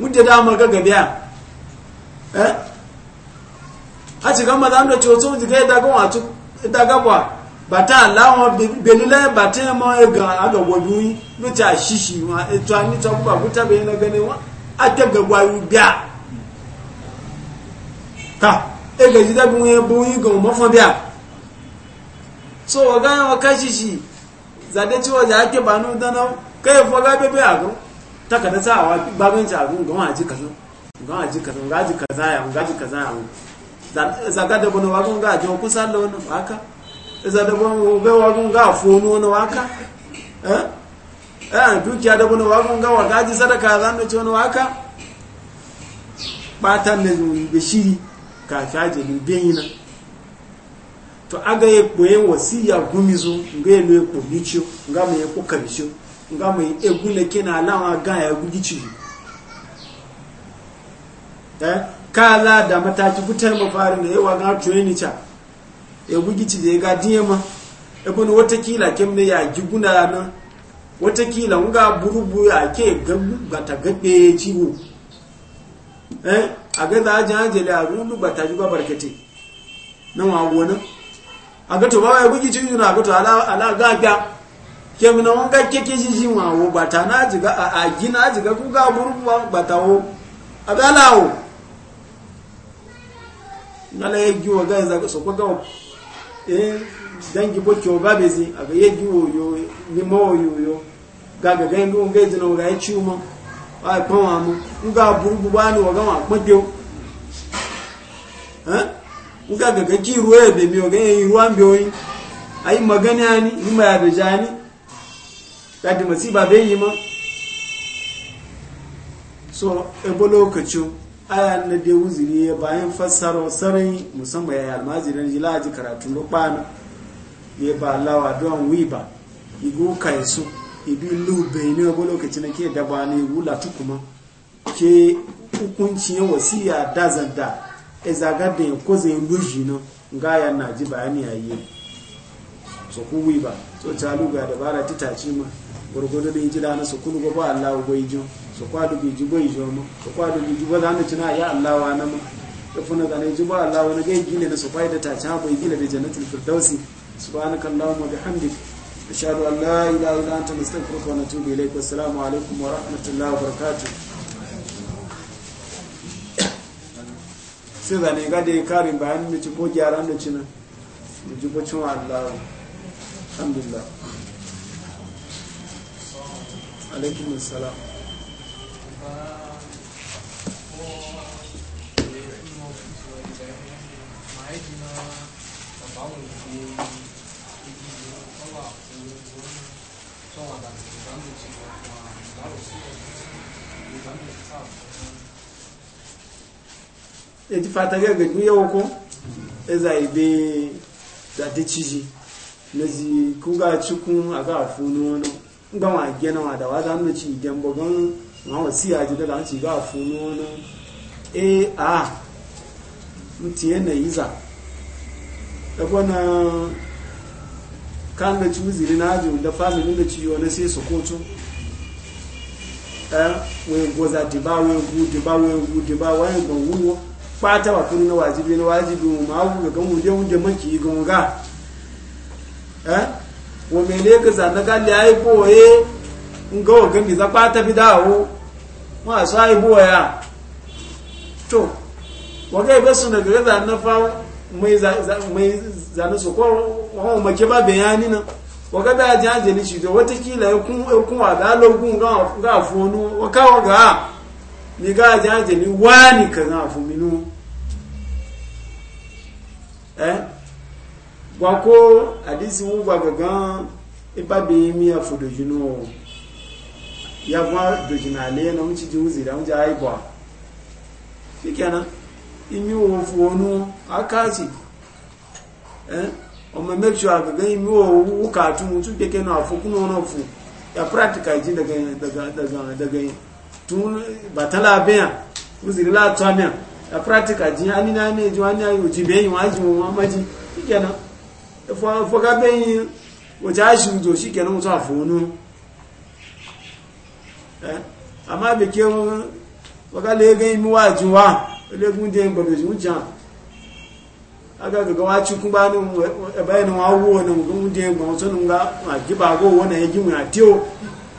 wunde dama ga gabiya eh a ci gama da amda coto ji ga daga wato daga ba bata lawo belila bata mo e ga aga wodu yi nuti shishi wa e to ani to ba guta na gane wa a te ga gwa yu ta e ga ji da bu yi bu yi ga mo fon so wa ga wa kashishi zade ci wa ja ke banu dana kai fo ga be be ago takada tsawa ta abin gama a ji kaza gama a ji kaza ga ji kaza ya ga ji kaza ya zaga da wa wagon ga jo kusa lo wani waka. za da bana wa wagon ga fono wani waka. eh eh dukiya da wa wagon ga wa gaji sadaka za mu ci ba ta ne be shiri ka ni bin na. to aga ye koyen wasiya gumizo ga ye lo ko bicho ga ko kabicho nga mai egule kina lawa ga ya gugici eh kala da mataki gutar fara ne yawa ga tuweni cha e e e ya gugici da ya ga diema ebe ni wata kem ne ya giguna na kila nga burubu ya ke gata gabe ciwo eh a ga da a ji a rundu gata ji ba barkate nan wa wona a ga to ba ya gugici na ga to ala ala ga kemi na wanka keke jiji wawo bata na a agi na jiga kuga burbu bata wo wo so ko bo wo e, yo ni mo yo yo ga mu kuga burbu bani wa gawa kpagyo eh ki e be mi ga ai magana ni ni ma ya be jani dadi masiba zai yi ma so ebo lokacin aya na dai wuziri ya bayan fassara sarai musamman ya yi almajiran a ji karatun rukpana ya ba lawa don wi ba igu kai su ibi lube ne ebo lokacin ke daba ne wula tukuma ke hukunci yawa ya dazanta e zagada ya zai luji na gaya na ji bayani a yi so ku wi ba so ta luga dabara ta ci ma gwargwado da ijila na sukulu ba ba Allah go ijo Su kwadu bai ji bai ijo mo Su kwadu bai ji ba zan tuna ya Allah wa na mo da funa da ne ji ba Allah wa na ga gile da su faida ta ta bai gile da jannatul firdausi subhanaka allahumma bihamdik ashhadu an la ilaha illa anta astaghfiruka wa atubu ilaik wassalamu alaikum wa rahmatullahi wa barakatuh sai da ne ga dai karin bayanin da ci ko gyaran da ci nan ji ko cin Allah alhamdulillah alaikum salam eti fataga ga duya ko eza ibe da ta ciji na zi kuga cikin a ga funu wani gan wa na wa da wa zan da ci den bo gan ma wa si aji da zan ci ga funu no e a mtiye na iza da gwana kan da ci wuziri na aji da family da ci wani sai su kotu eh we goza diba we gu diba we gu diba wa en gan wuwo pata wa kunu na wajibi na wajibi mu ma wu ga gan mu de mun de maki ga eh wa mele ka zana ka le ai boye nga o gami za pata bidawo ma sai ya? to waga be sun daga ga na fa mai mai zana so ko wa ma ke ba bayani na waga da jaje ni shi to wata kila ya kun kun wa da logun ga ga fonu waka waga ni ga jaje ni wani ka na fu minu eh ko hadisi wuva gagan ipa e beimi afo dojunu o yavwa dojuna ale na muci ji uzira muci aibwa fikena imi wofu onu akaji eh ọmọ mẹ́tíọ́ àgbẹ̀gbẹ́ imi owu kàtún mutu kẹ́kẹ́ náà àfokún náà fún ya pratika ji daga daga daga daga tun batala abiyan uziri látọ́ abiyan ya pratika ji ani na ne ji wani ayo ji bẹ́yìn wájú wọn májí fikena fọ́ká bẹ́yìn wòtí àṣìjò sí kẹ́nà tó àfòónú ẹ́ a máa bè kí wọ́n fọ́ká lẹ́gẹ́ imúwà jù wá olégún dé gbọ̀dọ̀ jù jàn agagaga wá cikin bá ní ẹ̀bá ẹni wọ́n wó wọn ní gbọ̀n dé gbọ̀n tó nùgbà wọn àjíbà agó wọn náà yẹjí wọn àdé o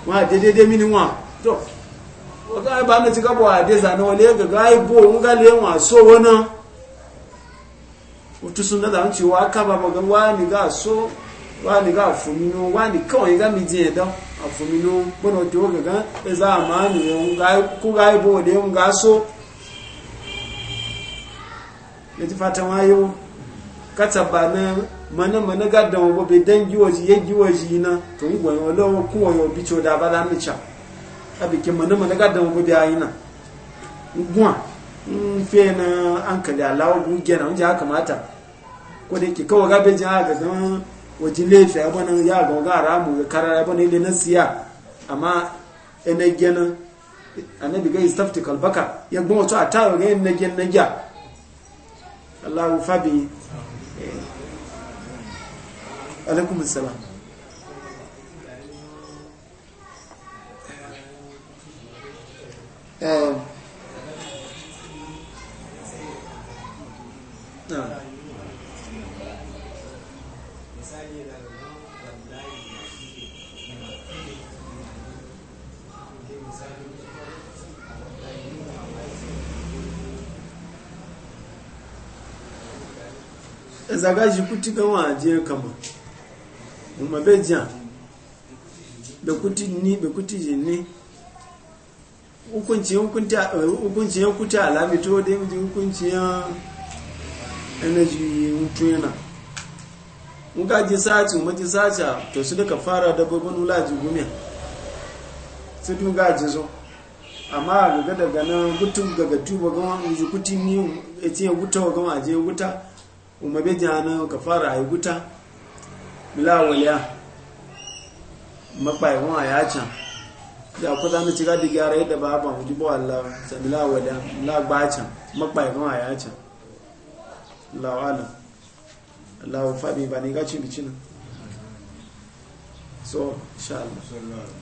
wọn àdé dédé mí ni wọn tó fọ́ká ẹ̀bá mi ti kábọ̀ àdé zànà wọn lẹ́gàgá ibò wọn gá lé wọn àsó wọn náà òtú sún náà láti wá kábàámọ̀ gan wá nígbà só wá nígbà àfòmínú wá nìkan yìí gámi di ẹ̀dán àfòmínú gbọ́nà tó gàngán ẹ̀zá àmàánù kó gá ibò òde ń ga só ètí fata wáyé ó kátàbà náà mọ̀nàmọ̀nà gádàn wọ́n bẹ dán yíwọ̀jì yé yíwọ̀jì yìí náà tó ń gbọ̀nyàn ọlọ́wọ́ kún ọ̀yọ̀ bí tí ó dá abala nìcha lábìkẹ́ mọ̀nàmọ̀nà gádàn wọ́n bẹ ayé in fe na an kalli alawo buge na wajen kamata ko da yake kawai gabe jin haka zan wajen laifi a banan ya ga waga ramu ga karar ya banan ile na siya amma ina gena annabi ga istafti kalbaka ya gbin wato a taro ga yin na gen na gya allahu fabi eh. alaikum salam eh zagaji kuti kan ajiye kama kuma bejan da kuti ni da kuti jinni hukunci hukunci hukunci kuti alami to da hukunci energy mutu yana in ka ji sati ma sati to su duka fara dabbobin ulaji gumiya su tun ji so amma gaga daga nan gutun gaga tuba gama ji kuti ni eti ya guta gama je guta umma jana ka fara ayi guta bila waliya mapai a ya can ya ku zama ci gadi gyara yadda ba ba mu ji ba Allah sabila waliya la ba can mapai can lawalan lawan fabi ba ne gaci bicinin so insha